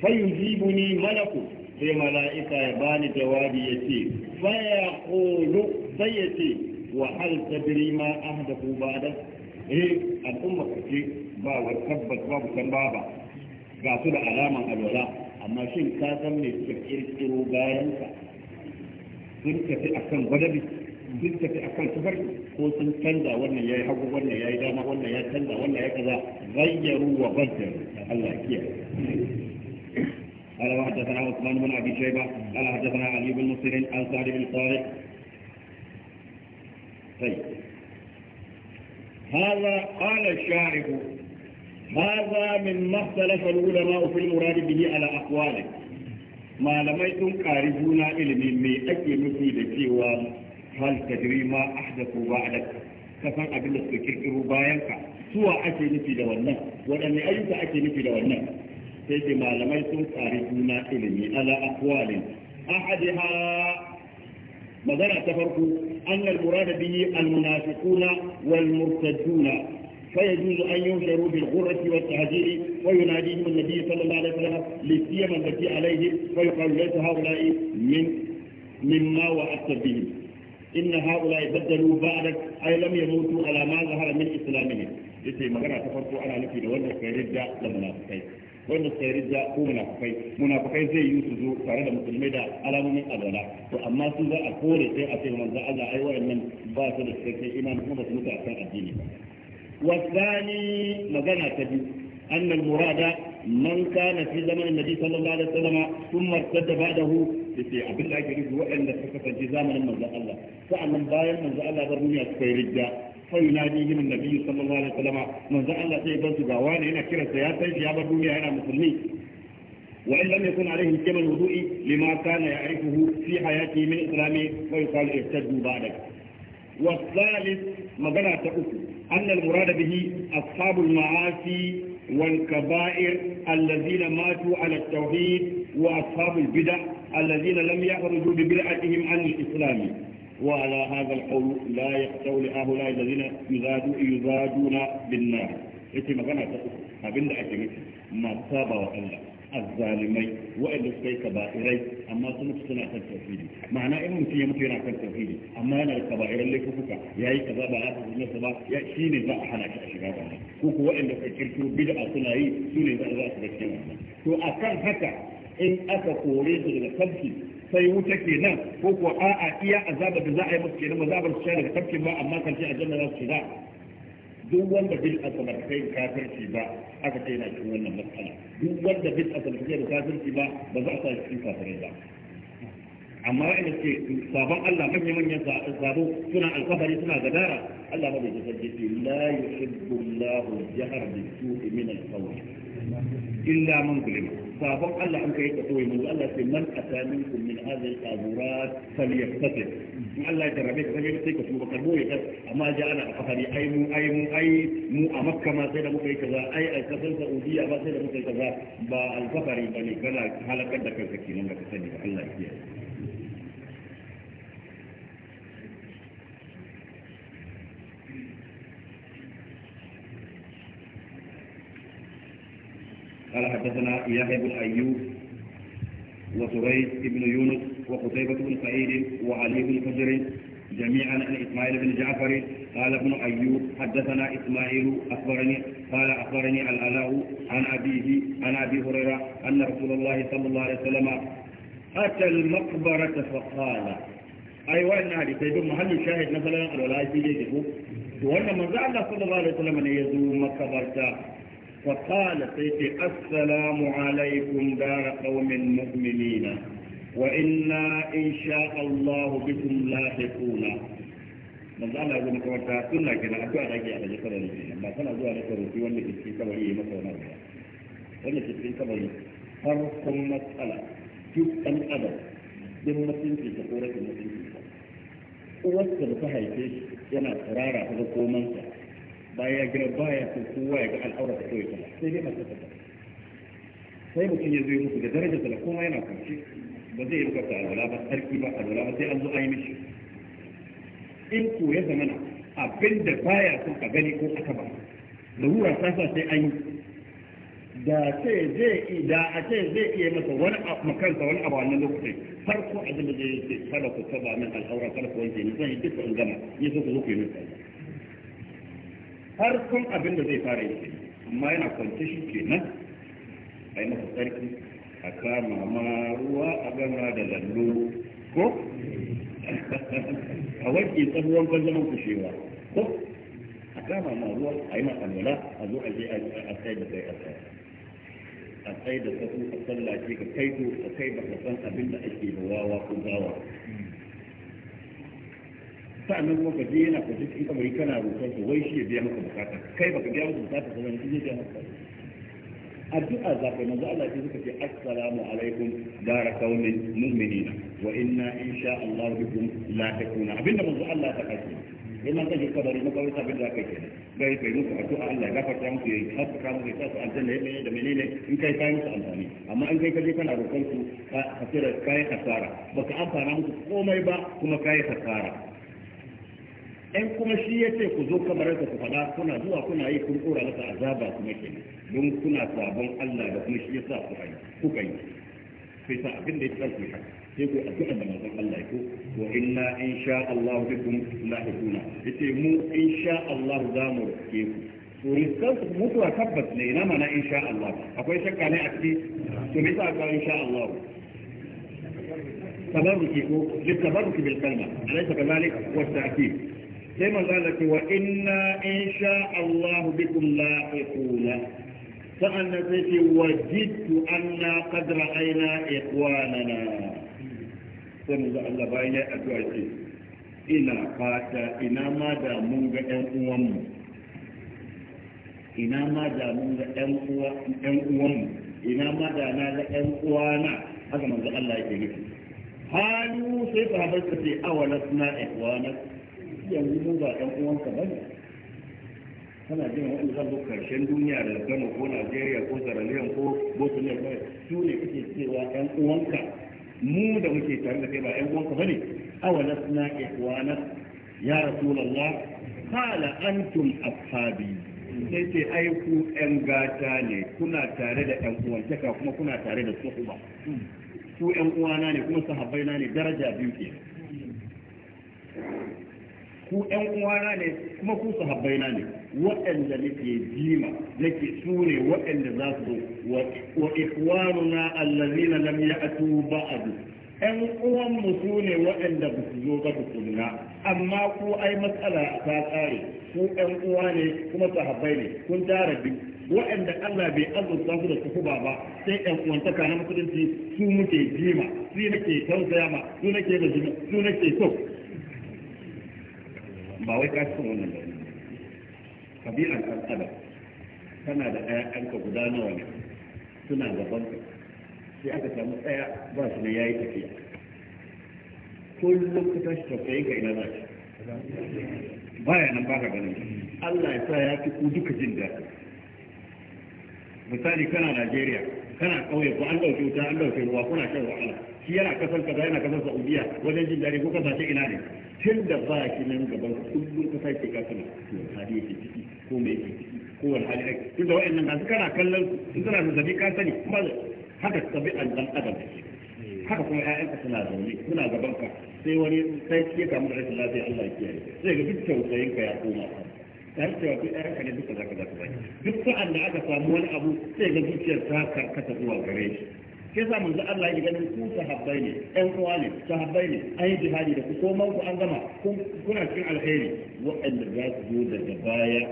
fayujibuni malaku sai mala'ika ya bani jawabi yace fa yaqulu sai yace wa hal tadri ma ahdathu ba'da eh al'umma ce ba wa tabbas babu san baba ga su da alaman alwala amma shin ka san me suka kirkiro bayan ka sun tafi akan gwadabi duk da akan kufar ko sun canza wannan yayi hagu wannan yayi dama wannan ya canza wannan ya kaza ghayyaru wa baddalu Allah kiyaye قال وحدثنا عثمان بن ابي شيبه قال حدثنا علي بن مسير عن سعد بن طيب هذا قال الشارح هذا مما اختلف العلماء في المراد به على أقواله ما لم يكن قارئون علمي مي أكي نفي hal tadri ma ahdathu ba'dak ka san abin da suka kirkiro bayan ka suwa ake nufi da wannan wadanne ayyuka ake nufi da wannan sai dai malamai sun tsari juna ilimi ala aqwali ahadaha magana ta farko annal murada bi al munafiquna wal murtaduna فيجوز أن ينشروا بالغرة والتهجير ويناديهم النبي صلى الله عليه وسلم للسيما التي عليه فيقال ليس هؤلاء من مما وعدت بهم inna haula baddalu ba'dak ay lam yamutu ala ma zahara min islamihim yace magana ta farko ana nufi da wanda kai ridda da munafikai wanda suka yi rijiya ko munafukai munafukai zai yi su zo tare da musulmai da alamomin alwala to amma su za a kore sai a ce manzo Allah ai wayannan ba su da cikakken imani kuma su mutu akan addini ba wasani magana ta biyu أن المراد من كان في زمن النبي صلى الله عليه وسلم ثم ارتد بعده yake abin da ake rubu waɗanda suka kasance zamanin manzo Allah sa'annan bayan manzo Allah bar duniya suka yi rijja sai yunadi yin nabi sallallahu alaihi wasallam manzo Allah sai ya su ga wani yana kiransa ya sai ya bar duniya yana musulmi وإن لم يكن عليه كما الوضوء لما كان يعرفه في حياته من إسلامه ويقال ارتدوا بعدك والثالث مجنى تأكل أن المراد به أصحاب المعاصي والكبائر الذين ماتوا على التوحيد وأصحاب البدع الذين لم يخرجوا ببدعتهم عن الإسلام وعلى هذا القول لا يحتوي لهؤلاء الذين يزادون بالنار yace magana ta uku abinda ake nufi masu saba wa azzalimai waɗanda suka yi kaba'irai amma sun mutu suna kan tauhidi ma'ana in mutum ya mutu yana kan tauhidi amma yana da kaba'iran laifuka yayi kaza ba ya tafi nasa ba ya shine za a hana shi a shiga ba ko ko waɗanda kirkiro bid'a suna yi su ne za a wannan to akan haka in aka kore su daga tafki sai wuta nan ko ko a'a iya azabar da za a yi musu kenan bar su daga tafkin ba amma kan ce a jannar su da duk wanda bil asalar kai kafirci ba aka ce yana cikin wannan matsala duk wanda bil asalar kai da kafirci ba ba za a sa cikin kafirai ba amma ina ce sabon Allah manyan manyan sabo suna alkafari suna gadara Allah bai ji sarki ce la yuhibbu Allahu jahar bi su'i min al-qawl illa man zulima sabon Allah an kai ka koyi mu Allah sai man atamin kun min hadhihi al-qaburat falyastatir in Allah ya jarrabe ka sai sai ka tuba ka boye ka amma ja ana a afari ai mu ai mu ai mu a Makka ma sai da muka yi kaza ai a kasar Saudiya ba sai da muka yi kaza ba al-kafari bane kana halakar da kanka kenan da ka sani Allah ya kiyaye قال حدثنا يحيى بن أيوب وسريج بن يونس وقتيبة بن سعيد وعلي بن فجر جميعا عن إسماعيل بن جعفر قال ابن أيوب حدثنا إسماعيل أخبرني قال أخبرني الألاء عن أبيه عن أبي هريرة أن رسول الله صلى الله عليه وسلم أتى المقبرة فقال اي wannan هذه don محل شاهد مثلا salalan في جيده وان من ku صلى الله عليه وسلم ان يزور مقبرته فقال سيدي السلام عليكم دار قوم مؤمنين وإنا إن شاء الله بكم لاحقون manzo Allah ya zama kawar ta sunna kenan addu'a da ake a daga sarari kenan ba kana zuwa da karofi wanda ke cikin kabari ya masa wani wanda ke cikin kabari farkon matsala duk ɗan adam duk mutunci ta ko rashin mutunci ta da ta haife shi yana ta komansa باي جرا باي كوواي جا الحورة تسوي كلا سيدي ما تفتح سيدي ممكن يزوي ممكن درجة الحكومة هنا كل شيء بدي يبقى تعالى ولا بس تركي ما حد ولا بس يأذو أي مشي إنتو يا زمان أبين دفاعي أكون كبني كو أكبر لو هو أساسا سي أي دا سي زي دا أتي زي إيه مثلا وانا مكان سوانا أبو عنا نقطي فرقو عدم دي سي فرقو سبع من الحورة فرقو وانتين يسوي يدفع الجمع يسوي يدفع الجمع Har kun abin da zai fara yi amma yana kwance shi kenan a yi masa tsarki a kama ma ruwa a gama da lallo ko a wanke tsaruwan kan kushewa ko a kama ma ruwa a yi masa lola a zo a je a tsaye da kai a tsaye a tsaye da sahu a tsallace ka kai to kai ba san abin da ake da wawa ko gawa sa'annan kuma ka je yana kwace cikin kabari kana roƙon su wai shi ya biya maka bukata kai baka biya maka bukata kuma shi zai biya maka addu'a ka manzo Allah ya suka ce assalamu alaikum dara kaumin mu'minina wa inna insha Allah bikum la takuna abinda manzo Allah ta kace in an kashe kabari maka wata abin da aka yi kai musu addu'a Allah ya gafarta musu ya haskaka musu ya sa aljanna ya da menene in kai kai musu amfani amma in kai kaje kana roƙon su ka tsira kai hasara baka amfana musu komai ba kuma kai kasara in kuma shi ya ce ku zo kamar da ku faɗa kuna zuwa kuna yi kun kora masa azaba kuma ke don kuna sabon Allah da kuma shi ya sa ku kai ku kai sai sa abin da ya tsar ku haka sai ku addu'a da manzon Allah ko wa inna insha Allah bikum lahikuna yace mu insha Allah za mu rike ku to riskan su mutuwa tabbas ne ina mana insha Allah akwai shakka ne a ciki to me yasa ga insha Allah تبرك بالكلمة أليس كذلك والتأكيد sai manzo Allah ce wa inna insha Allah bikum la'iquna sa'an nan sai ce wajidtu anna qad ra'ayna ikwanana sai manzo Allah bayan ya addu'a ce ina fata ina ma da mun ga ɗan uwanmu ina ma da mun ga ɗan uwanmu ina ma da na ga ɗan uwana haka manzo Allah yake nufi halu sai sahabar ka ce awalasna ikwanana yanzu sun ba ɗan uwanka ba ne kana jin wani zan zo karshen duniya da gano ko Najeriya ko Zaraliyan ko Boko ne kai su ne kake cewa ɗan uwanka mu da muke tare da kai ba ɗan uwanka ba ne awa na awalasna ikwana ya rasulullah qala antum ashabi sai ce ai ku ɗan gata ne kuna tare da ɗan uwantaka kuma kuna tare da suhuba ku ɗan uwana ne kuma sahabbaina ne daraja biyu ke ku ƴan uwana ne kuma ku sahabbaina ne waɗanda nake jima nake su ne waɗanda za su wa ikwanuna allazina lam ya'tu ba'du ɗan uwan mu su ne waɗanda ba su zo ba tukunna amma ku ai matsala ta tsare ku ƴan uwa ne kuma sahabbai ne kun tara bi waɗanda Allah bai azurta su da su ba sai ɗan uwantaka na musulunci su muke jima su nake tausaya ma su nake da su nake so ba wai ka cikin wannan ba kabilan ɗan adam da ɗaya ɗanka guda nawa ne suna da banka sai aka samu ɗaya ba su ne ya yi tafiya kullum ka tashi tafiya ka ina za shi baya nan ba ka ganin Allah ya sa ya fi ku duka jin daɗi misali kana Najeriya kana ƙauye ko an ɗauke wuta an ɗauke ruwa kuna shan wahala shi yana kasar kaza yana kasar Saudiya wajen jin daɗi ko kasashe ina ne tun da ba ki nan gaban ka kullum ka sake ka kana hali yake ciki ko me yake ciki ko wani hali yake tun da wa'annan ga kana kallon suna zabi zazzabi ka sani ba haka tabi'an dan adam haka kuma ƴaƴanka suna zaune suna gaban ka sai wani sai ke kamu da rashin lafiya Allah ya kiyaye sai ga duk tausayin ka ya koma ta tare cewa ɗaya ka ne duka za ka zaki duk sa'an da aka samu wani abu sai ga zuciyar ta karkata zuwa gare shi shi yasa manzo Allah ya ganin ku sahabbai ne ɗan uwa ne sahabbai ne an yi jihadi da ku ko man ku an gama kuna cikin alheri waɗanda za su zo daga baya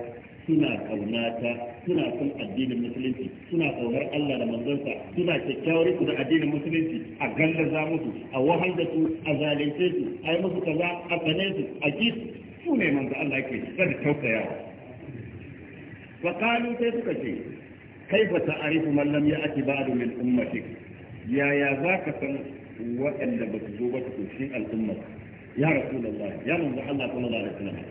suna kaunata suna son addinin musulunci suna kaunar Allah da manzonsa suna kyakkyawar ku da addinin musulunci a gallaza musu a wahal da su a zalunce su a yi musu kaza a tsane su a kis su ne manzo Allah ke da tausayawa fa kalu sai suka ce kaifa ta'rifu man lam ya'ti ba'du min ummatik yaya za ka san waɗanda ba su zo ba ta kunshi al'umma ya rasulullah ya manzo Allah sallallahu alaihi wasallam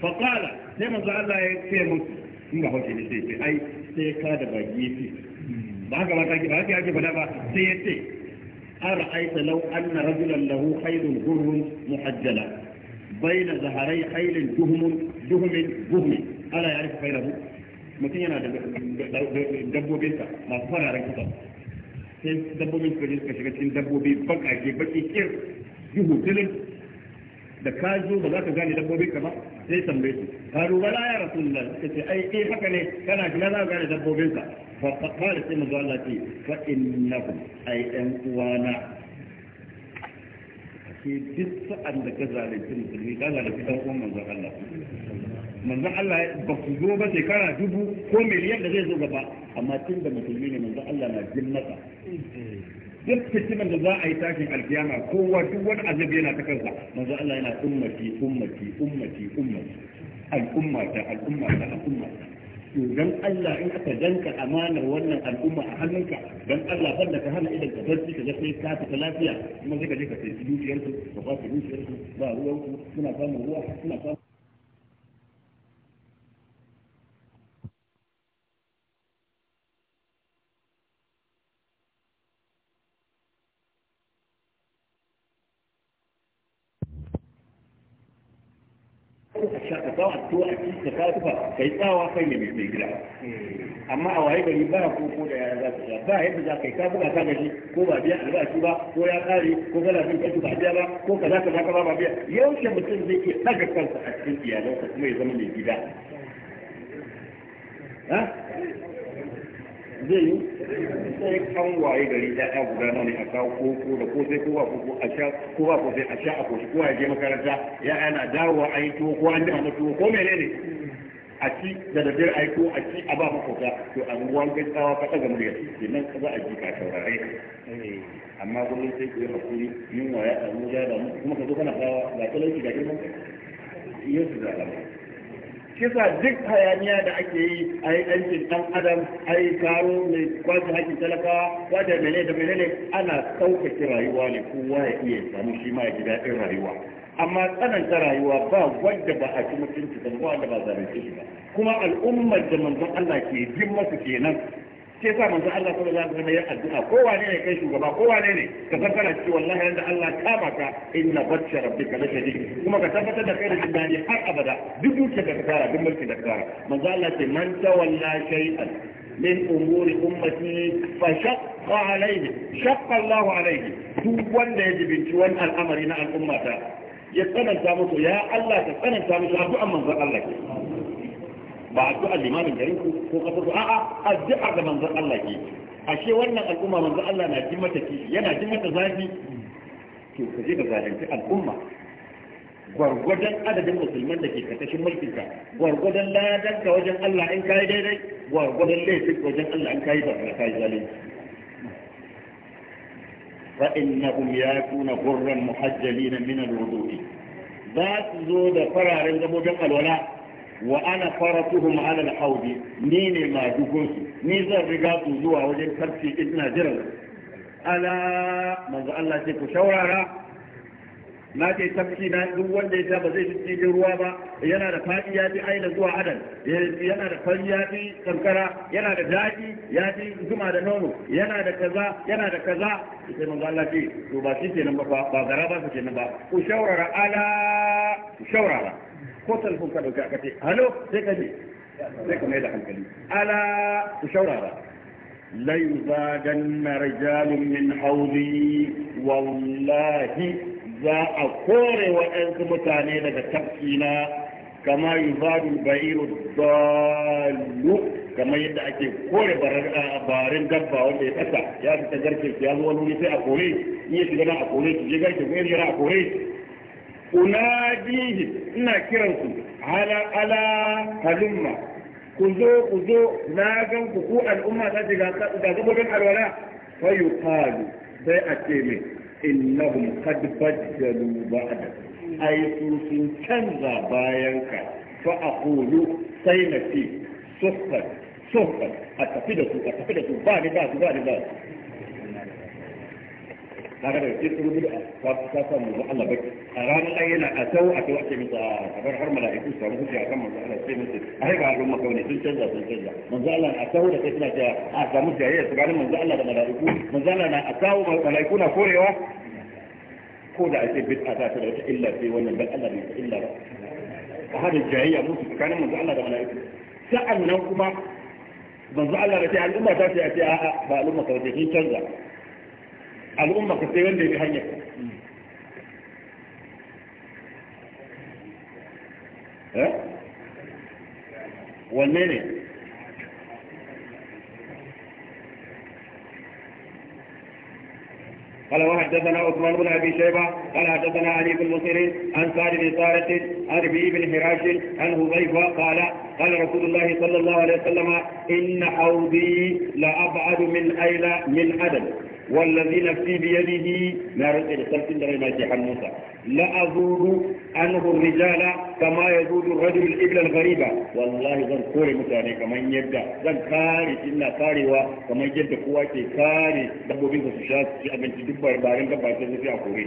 fa qala sai manzo Allah ya ce musu in ga hauke ne sai ce ai sai ka da baki yace ba haka ba ka ba haka yake fada ba sai yace أرأيت لو أن رجلا له خيل غر محجلة بين ظهري خيل جهم جهم جهم ألا يعرف خيله mutum yana da dabbobinsa masu fararen kusa sai dabbobin suka je suka shiga cikin dabbobi bakake baki kir duhu tilin da ka zo ba za ka gane dabbobi ka ba sai tambaye su karu ya rasulullah suka ce ai eh haka ne kana na za ka gane dabbobin ka fa faqala sai manzo Allah ce fa innakum ai ɗan uwana ke duk sa'an da ka zalunci musulmi ka zalunci ɗan uwan manzo Allah manzo Allah ba ku zo ba shekara dubu ko miliyan da zai zo gaba amma tun da musulmi ne manzo Allah na jin masa duk fitinan da za a yi tashin alkiyama kowa duk wani azabi yana ta kansa manzo Allah yana ummati ummati ummati ummati al'umma ta al'umma ta al'umma dan Allah in aka danka amana wannan al'umma a hannunka dan Allah banda ka hana idan ka barci ka sai ka ta lafiya kuma sai ka je ka sai dukiyarsu ka ba su dukiyarsu ba ruwanku suna samun ruwa suna samun shakatawa to a ci ta kai tsawa kai ne mai gida amma a waye gari ba ko ko da yaya za ka sha ba yadda za ka yi ka buga ka gaji ko ba biya albashi ba ko ya kare ko kana bin kashi ba biya ba ko kaza kaza ka ba biya yaushe mutum zai iya daga kansa a cikin iyalansa kuma ya zama mai gida zai yi sai an waye gari ya ya guda ne a kawo koko da ko sai kowa koko a sha kowa ko sai a sha a koshi kowa ya je makaranta ya ana dawowa a yi tuwo ko an dama tuwo ko menene a ci da da bir ko a ci a ba makota to a ruwan gaggawa ka ɗaga murya nan ka za a ji ka taurare ka amma kullum sai ku yi hakuri yunwa ya mu ya damu kuma ka zo kana kawo ga talauci ga girman ka yin su da alamu kisa duk hayaniya da ake yi a yi ɗancin ɗan adam a yi karo mai kwace haƙƙin talakawa wajen mene da mene ne ana sauƙaƙe rayuwa ne kowa ya iya samu shi ma ya ji daɗin rayuwa amma tsananta rayuwa ba wadda ba a ci mutunci ba wanda ba zalunci shi ba kuma al'ummar da manzon Allah ke bin masu kenan shi yasa manzo Allah sallallahu alaihi wasallam ya addu'a ko wane ne kai shugaba ko wane ne ka san kana cewa wallahi yanda Allah kama ka baka inna bacci rabbika la shadid kuma ka tabbatar da kai da dadi har abada duk duka da kara duk mulki da kara manzo Allah ce man tawalla shay'an min umuri ummati fa shaqqa alayhi shaqqa Allahu alayhi duk wanda ya jibinci wani al'amari na al'ummata ya tsananta musu ya Allah ka tsananta musu addu'an manzo Allah ke ba addu'a limamin garin ku ko kasar ku a'a a ji'a ga manzon Allah ke ashe wannan al'umma manzon Allah na ji mata kishi yana ji mata zafi to ka je ka zalunci al'umma gwargwadon adadin musulman da ke katashin mulkin ka gwargwadon ladan ka wajen Allah in kai daidai gwargwadon laifin wajen Allah in kai barna kai zalunci fa innahum yakuna ghurran muhajjalina min al-wudu'i za su zo da fararen gabobin alwala wa ana faratuhum ala alhawdi ni ne ma dukun su ni zan riga su zuwa wajen karfi ina jiran ala manzo Allah ce ku shaurara na ce tafki na duk wanda ya sha ba zai cikin ruwa ba yana da fadi ya fi aina zuwa adal eh, yana da fari ya fi kankara yana da daɗi ya fi zuma da nono yana da kaza yana da kaza sai manzo Allah ce to ba shi kenan ba ba gara ba su kenan ba ku shaurara ala ku shaurara كو ألا وشو رارا رجال من حوضي والله ذا أقور وأنتم تانينا كتبكينا كما يزاق البعير الضال كما يدعى كور آه، بارين جبا وانتي تسا يا تتجرك يا هو الولي في أقوري يجي لنا أقوري تجي لنا أقوري unadihi ina ku ala ala halumma ku zo ku zo na gan ku ku al'umma ta ce ga gabobin alwala fa yuqalu sai a ce min innahum qad badalu ba'da ay sun sun canza bayan ka fa aqulu sai na fi suhbat suhbat a tafi da su a tafi da su ba ni ba su ba ni ba su kaga da ke tsoro bid'a ta ta samu da Allah baki a ranar ɗaya yana a sau a kai ake a bar har mala'iku su samu hujja kan manzo Allah sai musu a rai ba a rumma kawai sun canza sun canza manzo Allah a sau da kai suna cewa a samu jayayya tsakanin manzo Allah da mala'iku manzo Allah na a sau mala'iku na korewa ko da ake bid'a ta ta da wata illa sai wannan dan Allah bai ta illa ba a hada jayayya musu tsakanin manzo Allah da mala'iku sa'an nan kuma manzo Allah da ta al'umma ta ce a ce a'a ba al'umma ta ce sun canza الأمة ka sai wanda ها؟ bi قال وحدثنا عثمان بن ابي شيبه قال حدثنا علي بن مصر، عن سعد بن صالح، عن ربيع بن حراش عن هذيفه قال قال رسول الله صلى الله عليه وسلم ان حوضي لابعد من ايلى من ادم wallazi nafsi bi yadihi na rike da sarkin da raina ke hannunsa la azudu anhu rijala kama yazudu rajul ibla al-ghariba wallahi zan kore mutane kaman yadda zan kare ina karewa kamar yadda kowa ke kare dabbobin su sha su abinci duk barbarin gaba sai su a kore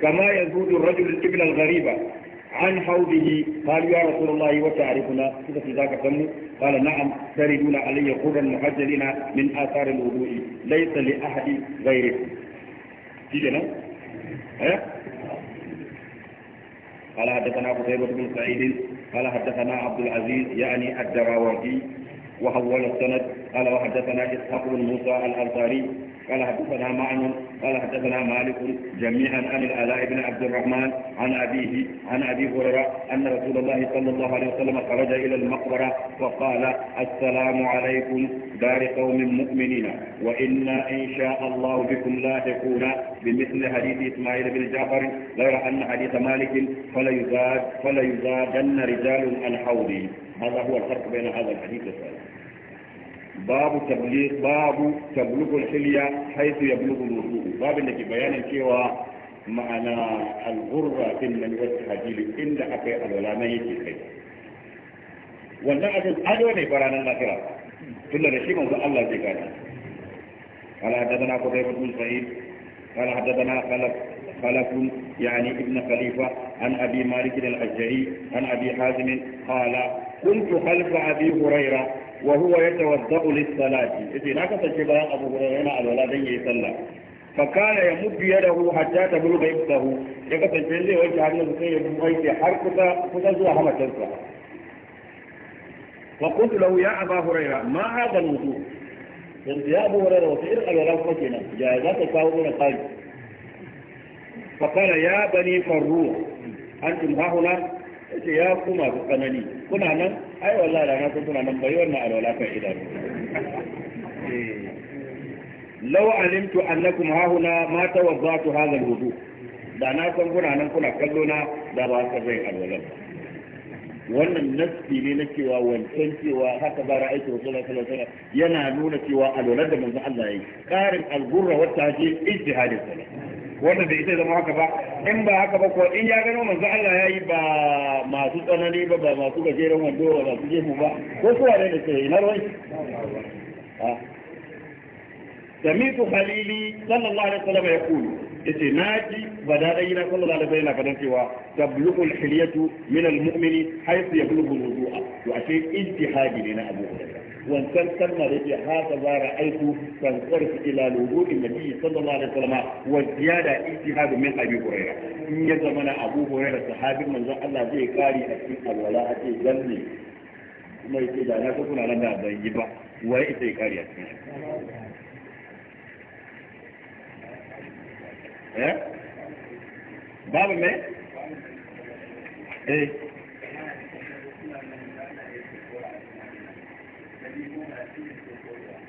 kama yazudu rajul ibla al-ghariba عن حوضه قال يا رسول الله وتعرفنا كيف في ذاك فمه قال نعم تردون علي قرا محجلين من آثار الوضوء ليس لأحد غيره كده أه؟ قال حدثنا قتيبة بن سعيد قال حدثنا عبد العزيز يعني الدراوردي وحول السند قال وحدثنا إسحاق بن موسى الأنصاري قال حدثنا معن قال حدثنا مالك جميعا عن الآلاء بن عبد الرحمن عن أبيه عن أبي هريرة أن رسول الله صلى الله عليه وسلم خرج إلى المقبرة وقال السلام عليكم دار قوم مؤمنين وإنا إن شاء الله بكم لاحقون بمثل حديث إسماعيل بن جعفر غير أن حديث مالك فليزاد فليزادن رجال الحوض هذا هو الفرق بين هذا الحديث والسلام babu tabligh babu tablughul hilya haythu yablughu alwudu babin da ke bayanin cewa ma'ana al-ghurra fil man wajhajil inda akai alwala nan yake kai wannan abin ado ne baranan lakira tunda da shi manzo Allah zai gane قال حدثنا قتيبة بن سعيد قال حدثنا خلف خلف يعني ابن خليفة عن أبي مالك الأشجعي عن أبي حازم قال كنت خلف أبي هريرة وهو يتوضأ للصلاة إذن لا تتجب أبو هريرة على ولدي يصلى فكان يمد يده حتى تبلغ ابنه يقصد جلي وجه عن نفسه يبن غيث حركة فتزل تنفع فقلت له يا أبا هريرة ما هذا الوضوء قلت يا أبو هريرة وفير على رفتنا جائزات تاورون قال فقال يا بني فروع أنتم ها هنا يا كما فقنني كنا ai wallahi da na san kuna nan bai wannan alwala kan idanu law alimtu annakum huna ma tawaddatu hadha alwudu da na san kuna nan kuna kallo na da ba ka zai alwala wannan nasbi ne na cewa wancan cewa haka ba aiki rasulullahi sallallahu alaihi wasallam yana nuna cewa alwalar da manzo Allah yayi karin algurra wata ce ijtihadin sallallahu wanda bai sai zama haka ba in ba haka ba ko in ya gano manzo Allah yayi ba masu tsanani ba ba masu gajeren wando ba masu jefu ba ko kuwa ne da ke ina ruwai samitu khalili sallallahu alaihi wasallam ya kulu yace naji dai na sallallahu alaihi wasallam dan cewa tablughu alhiliyatu min almu'mini haythu yablughu al-wudu'a wa ashe ijtihadi ne na Abu Hurairah wancan kalma da yake haka za ra'aitu kan tsarki ila lubu'in nabi sallallahu alaihi wasallam wa ziyada ijtihad min abi hurairah in ya zama na abu hurairah sahabin manzon Allah zai kari a cikin alwala a ce zanne kuma yake da na kuna nan da ban yi ba wai ita ya kari a cikin eh babu me eh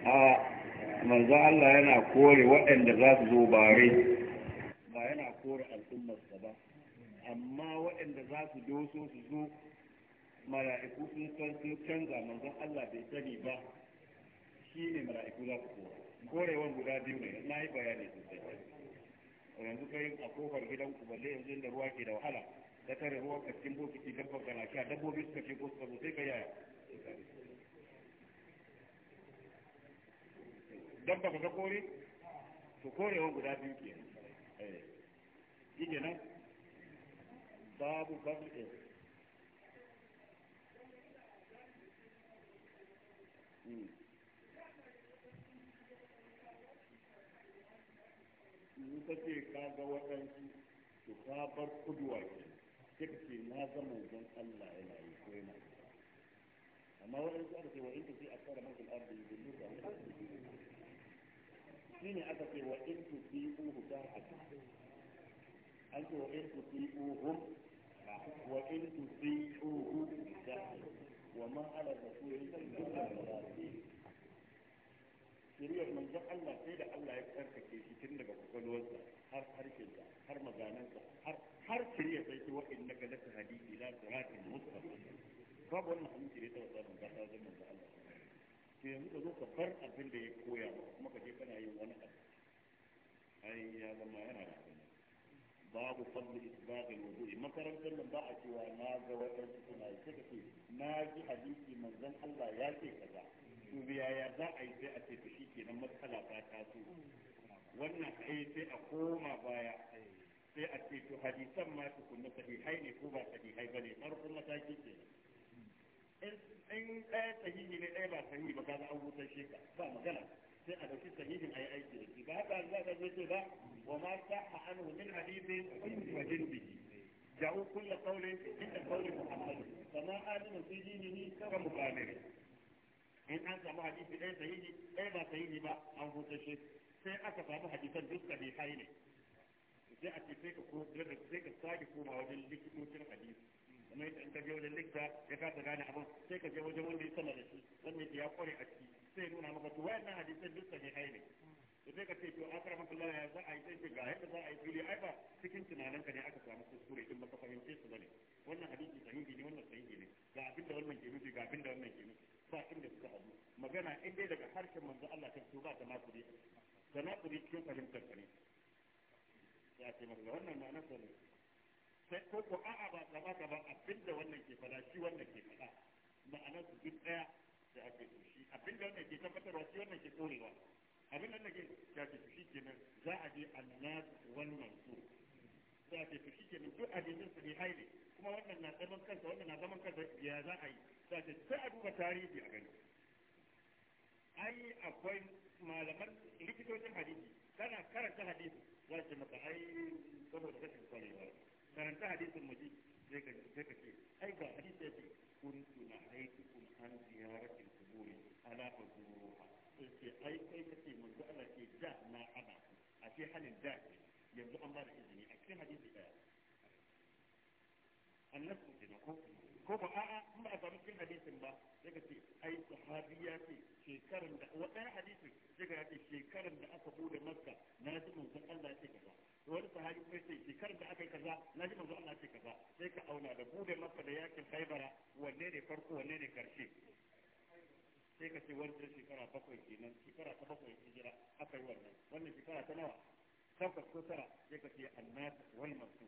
a manzo Allah yana kore waɗanda za su zo bare ba yana kore al'ummarsa ba amma waɗanda za su doso su zo mala'iku sun san sun canza manzo Allah bai sani ba shi ne mala'iku za su kore korewan guda biyu ne na yi bayani sosai yanzu kai a kofar gidan ku balle yanzu da ruwa ke da wahala ka tare ruwa ka cikin bokiti dabba kana sha dabbobi suka ce ko suka zo sai ka yaya dan ba ka kore to korewa guda biyu ke yi eh. yake nan babu babu hmm. in ka ce ka ga waɗansu to ka bar kuduwa ke sai ka ce na zama don Allah yana yi ko yana amma waɗansu aka ce wa in ka ce a tsara mafi al'adu da yi shine aka ce wa in tusibuhu ta'atu an ce wa in tusibuhum wa in tusibuhu ta'atu wa man ala rasuli illa shiriyar manzon Allah sai da Allah ya karkace shi tun daga kwakwalwarsa har harshensa har maganansa har har shirya sai ce wa innaka laka hadisi la siratin mustaqim babu wannan hadisi da ya tabbata da manzon Allah to yanzu ka zo ka far abin da ya koya ba kuma ka je kana yin wani abu ai ya zama yana da kuma babu fadli isbaqi wudu'i makarantar nan ba a cewa na ga wadan suna yake sai na ji hadisi manzon Allah ya ce kaza to ya za a yi sai a ce shi kenan matsala ta taso wannan ai sai a koma baya sai a ce to hadisan ma tukunna sahihai ne ko ba sahihai bane farkon mataki kenan in ɗaya sahihi ne ɗaya ba sahihi ba kaga an wutar shi ka ba magana sai a dauki sahihin ayi aiki da shi ba haka za ka ce ba wa ma sa a sahha anhu min hadithin wa jinbihi ja'u kullu qawlin inda qawli muhammad kama alimu fi dinihi ka mukamil in an samu hadisi ɗaya sahihi ɗaya ba sahihi ba an wutar shi sai aka samu hadisan duk sahihai ne sai a ce sai ka ko sai ka sake koma wajen likitocin hadisi kuma in ka je wajen likita ya kasa gane abin sai ka je wajen wanda ya sama da shi wanda ya kware a ciki sai nuna maka to wayannan hadisan duk sahihai ne da sai ka ce to akara maka Allah ya za a yi sai ga yadda za a yi fili ai ba cikin tunanin ka ne aka samu kuskure in baka fahimce su bane wannan hadisi sahihi ne wannan sahihi ne ga abin da wannan ke nufi ga abin da wannan ke nufi ba inda suka abu magana in dai daga harshen manzo Allah ta fito ba ta nakuri da nakuri cikin fahimtar ka ne ya ce maka wannan na nasara sai ko ko a'a ba kamata ba abinda wannan ke fada shi wannan ke fada ma'anar su duk daya da ake so shi abinda wannan ke tabbatarwa shi wannan ke korewa abinda wannan ke shafi shi kenan za a je annas wannan su za a ce to shi kenan duk hadisin su ne haile kuma wannan na zaman kansa wannan na zaman kansa ya za a yi za a ce sai a duba tarihi a gani ai akwai malaman likitocin hadisi kana karanta hadisi za ce maka ai saboda rashin kwarewa karanta hadisin maji zai ka sai ka ce ai ga hadisi yake kuntu na aiki kun an ziyaratin kuburi ala fa zuruha sai ce ai kai kace manzo Allah ke da na ana a ce halin da yanzu an ba da izini a cikin hadisi daya annabi ne ko ko ko a'a in ba a samu cikin hadisin ba sai ka ce ai sahabi ya ce shekaran da ɗaya hadisin sai ka ce shekaran da aka bude makka na ji manzon Allah ce kaza wani sahabi sai ce shekaran da aka yi kaza na ji manzon Allah ce kaza sai ka auna da bude makka da yakin haibara wanne ne farko wanne ne karshe sai ka ce wancan shekara bakwai kenan shekara ta bakwai hijira aka yi wannan wannan shekara ta nawa takwas ko tara sai ka ce annas wal masu.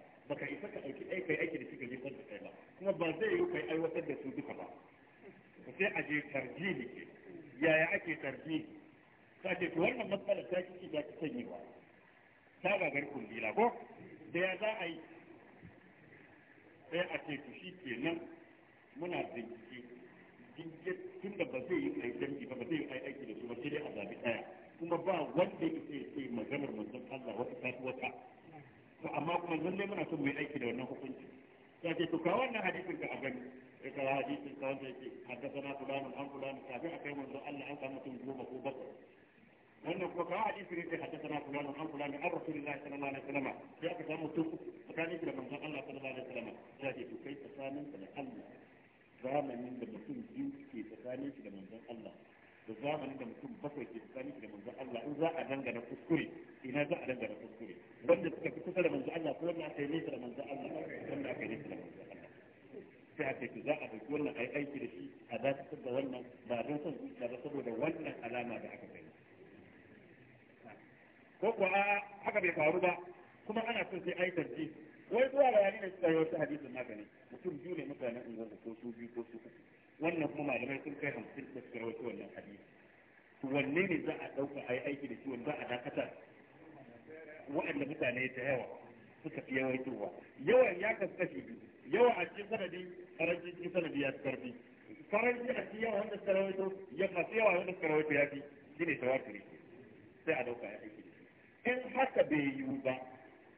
baka isa ka aiki ai kai aiki da suka je da kai ba kuma ba zai yi kai aiwatar da su duka ba sai a je ne ke yaya ake tarjini sake to wannan matsalar ta ci ta ci sanyi ba ta gagar kundila ko da ya za a yi sai a ce ku shi kenan muna bincike tun da ba zai yi aikanci ba ba zai yi aiki da su ba sai dai a zabi daya kuma ba wanda ya ce maganar manzon Allah wata ta wata to amma kuma lalle muna son mu yi aiki da wannan hukunci sai ce to ka wannan hadisin ka a gani ya kawo hadisin ka wanda yake haddasa fulani an fulani kafin a kai manzo Allah an samu mutum goma ko bakwai wannan kuma kawo hadisin ne ce haddasa fulani an fulani an rasulullahi sallallahu alaihi wasallam sai aka samu mutum tsakanin da manzo Allah sallallahu alaihi wasallam sai ce to kai tsakanin da Allah zamanin da mutum biyu ke tsakanin da manzo Allah da zamanin da mutum bakwai ke tsakanin da manzo Allah in za a dangana kuskure ina za a da kuskure wanda suka fi kusa da manzo Allah ko wanda aka yi nesa da manzo Allah wanda aka yi nesa da manzo Allah sai aka ce za a dauki wannan ai aiki da shi a dakatar da wannan ba don son zuciya ba saboda wannan alama da aka gani ko kuwa haka bai faru ba kuma ana son sai ai tarji wai zuwa bayani ne suka yi wasu hadisin haka mutum biyu ne mutanen unguwa ko su biyu ko su uku wannan kuma malamai sun kai hamsin da suka rawaito wannan hadisi wanne ne za a ɗauka a yi aiki da shi wanda za a dakatar waɗanda mutane da yawa suka fi yawaitowa yawan ya kaskashi yawa a cikin sanadi karanci cikin sanadi ya fi karfi karanci a cikin yawa wanda suka rawaito ya masu yawa wanda suka rawaito ya fi shi ne tawaturi sai a dauka ya aiki in haka bai yiwu ba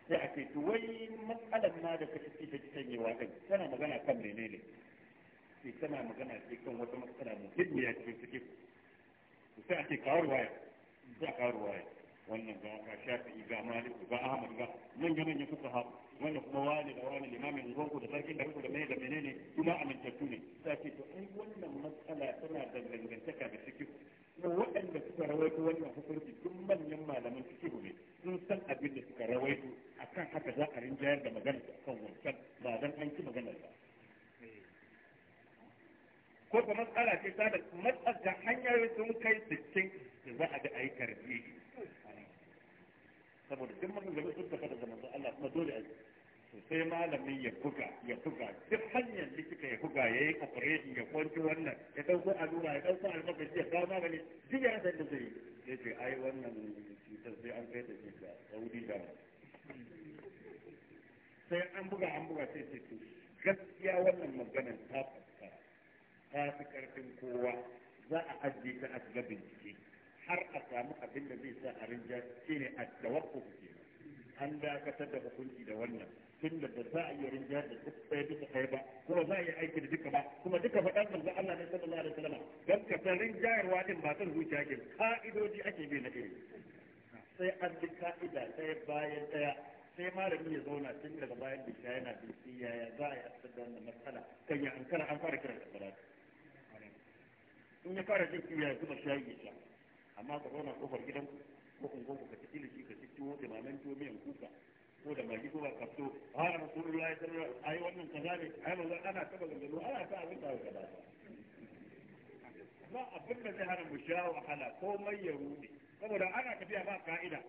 sai a ce to wai matsalar na da kashi ce ci sanyewa kai tana magana kan menene sai tana magana ce kan wata matsala muhimmiya cikin cikin sai a ce kawo ruwaya sai a kawo ruwaya wannan ga ka shafi ga malik ga ahmad ga manya manyan fuka ha wanda kuma wani da wani limamin ungonku da sarkin da da mai da menene kuma amintattu ne sai to ai wannan matsala tana da dangantaka da cikin to waɗanda suka rawaito wannan hukunci tun manyan malaman cikin ne sun san abin da suka rawaito kan haka za a rinjayar da magana akan wancan ba dan an ci maganar ba ko kuma matsala ce ta da matsala hanyoyi sun kai cikin da za a ga ayi tarbiyya saboda duk maganganun sun tafi zaman manzon Allah kuma dole a sai malamin ya buga ya buga duk hanyar da kika ya buga ya yi operation ya kwanci wannan ya dauko allura ya dauko almakashi ya kawo magani duk ya san da zai ya ce ai wannan cutar sai an kai da shi ga saudi da sai an buga an buga sai ce to gaskiya wannan maganar ta fuskara ta fi karfin kowa za a ajiye ta a shiga bincike har a samu abin da zai sa a rinja ne a tawaqquf kenan an dakatar da hukunci da wannan tun da ba za a yi rinja da duk ɗaya duka kai ba kuma za a yi aiki da duka ba kuma duka faɗan manzo Allah ne sallallahu alaihi wasallam dan ka san rinjayarwa din ba san zuciya ke ka'idoji ake bi na iri sai an bi ka'ida sai bayan ɗaya sai malami ya zauna tun daga bayan da shi yana ya ya za a yi asar da wannan matsala kan ya an an fara kiran da in ya fara jin kiyaye zuba shayi ya sha amma ka zauna kofar gidan ko gonku ka ci kilishi ka ci tuwo da maman tuwo miyan kuka ko da magi ko ba ka fito har rasulullah ya tarra ai wannan kaza ne ai manzo ana taba gangaro ana ta abin da ka ba ba abin da zai hana mu sha wahala komai ya rude saboda ana tafiya ba ka'ida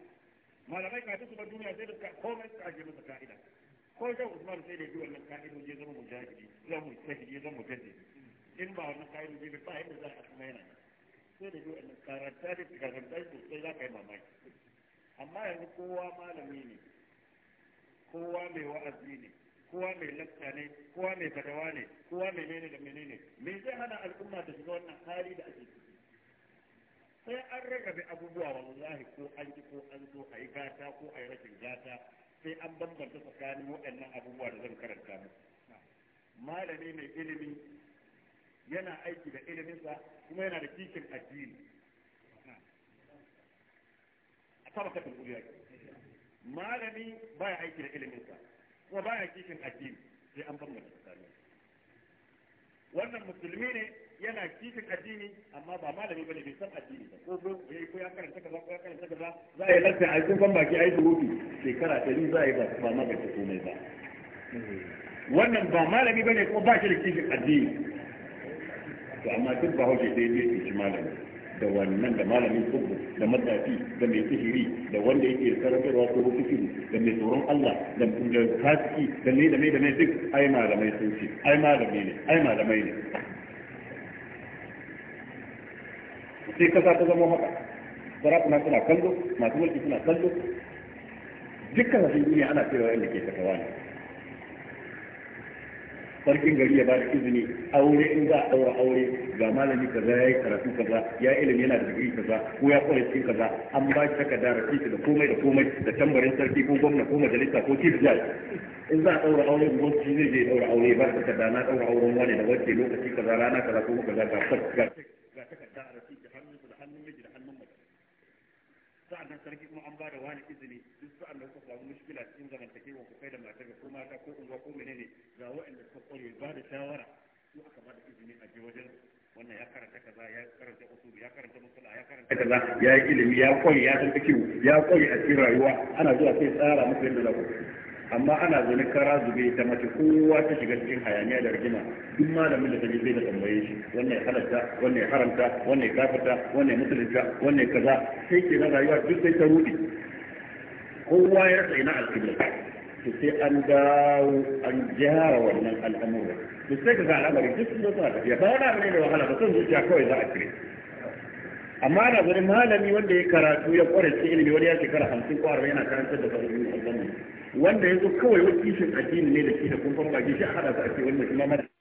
malamai ka ta suba duniya sai da komai ka ajiye masa ka'ida ko da Usman sai da duwan nan ka'ido je zama mujahidi zama mujahidi zama mujahidi in ba wannan ka'ida je ba yadda za a kuma yana sai da zuwa nan karanta da karanta za ka yi mamaki amma yanzu kowa malami ne kowa mai wa'azi ne kowa mai lakta ne kowa mai fadawa ne kowa mai nene da menene me zai hana al'umma ta shiga wannan hali da ake ciki sai an rarrabe abubuwa wallahi ko an ji ko an zo a yi gata ko a yi rashin gata sai an bambanta tsakanin waɗannan abubuwa da zan karanta muku malami mai ilimi yana aiki da iliminsa kuma yana da kikin addini a tabbatar da malami baya aiki da iliminsa kuma baya kikin addini sai an bambanta tsakanin wannan musulmi ne yana kikin addini amma ba malami bane bai san addini ba ko yi ya karanta kaza ko ya karanta kaza za a yi lafiya a cikin baki a yi durufi shekara ta za a yi ba ba magance komai ba wannan ba malami bane ko ba shi da kishin addini to amma duk ba hauke sai ya cuci malami da wannan da malamin kubu da matafi, da mai sihiri da wanda yake sarrafa ko sihiri da mai tsoron Allah da fasiki da mai da mai da mai duk ai malamai sun ce ai malamai ne ai malamai ne sai kasa ta zama haka sarakuna suna kallo masu mulki suna kallo dukkan wasu duniya ana cewa yadda ke takawa ne sarkin gari ya ba da izini aure in za a daura aure ga malami kaza ya yi karatu kaza ya ilimi yana da digiri kaza ko ya kware cikin kaza an ba shi takarda rafi da komai da komai da tambarin sarki ko gwamna ko majalisa ko chief judge in za a daura aure ko shi zai je daura aure ba takarda na daura auren wani da wacce lokaci kaza rana kaza ko kaza ga ga ga takarda da hannun da hannun miji da hannun mace sa'an sarki kuma an ba da wani izini sa'an da kuka samu mushkila cikin zamantakewa ku kai da ga ko mata ko unguwa ko menene ga wa'anda suka kware ba da shawara su aka ba da izini a je wajen wannan ya karanta kaza ya karanta usul ya karanta musala ya karanta kaza ya yi ilimi ya kware ya san take ya kware a cikin rayuwa ana zuwa sai tsara musu yadda za ku amma ana zaune kara zube ta mace kowa ta shiga cikin hayaniya da rigima duk malamin da take zai da tambaye shi wannan ya halatta wannan ya haramta wannan ya kafata wannan ya musulunta wannan ya kaza sai ke na rayuwa duk sai ta rudi kowa ya rasa ina alƙibla to sai an dawo an gyara wannan al'amura to sai ka ga al'amari duk sun sa tafiya ba wani abu ne da wahala ba sun zuciya kawai za a kire amma na zuri malami wanda ya karatu ya kware cikin ilimi wani ya shekara hamsin ko arba'in yana karantar da a al'amari wanda ya zo kawai wani kishin addini ne da shi da kuma baki shi a haɗa su a ce wani mutum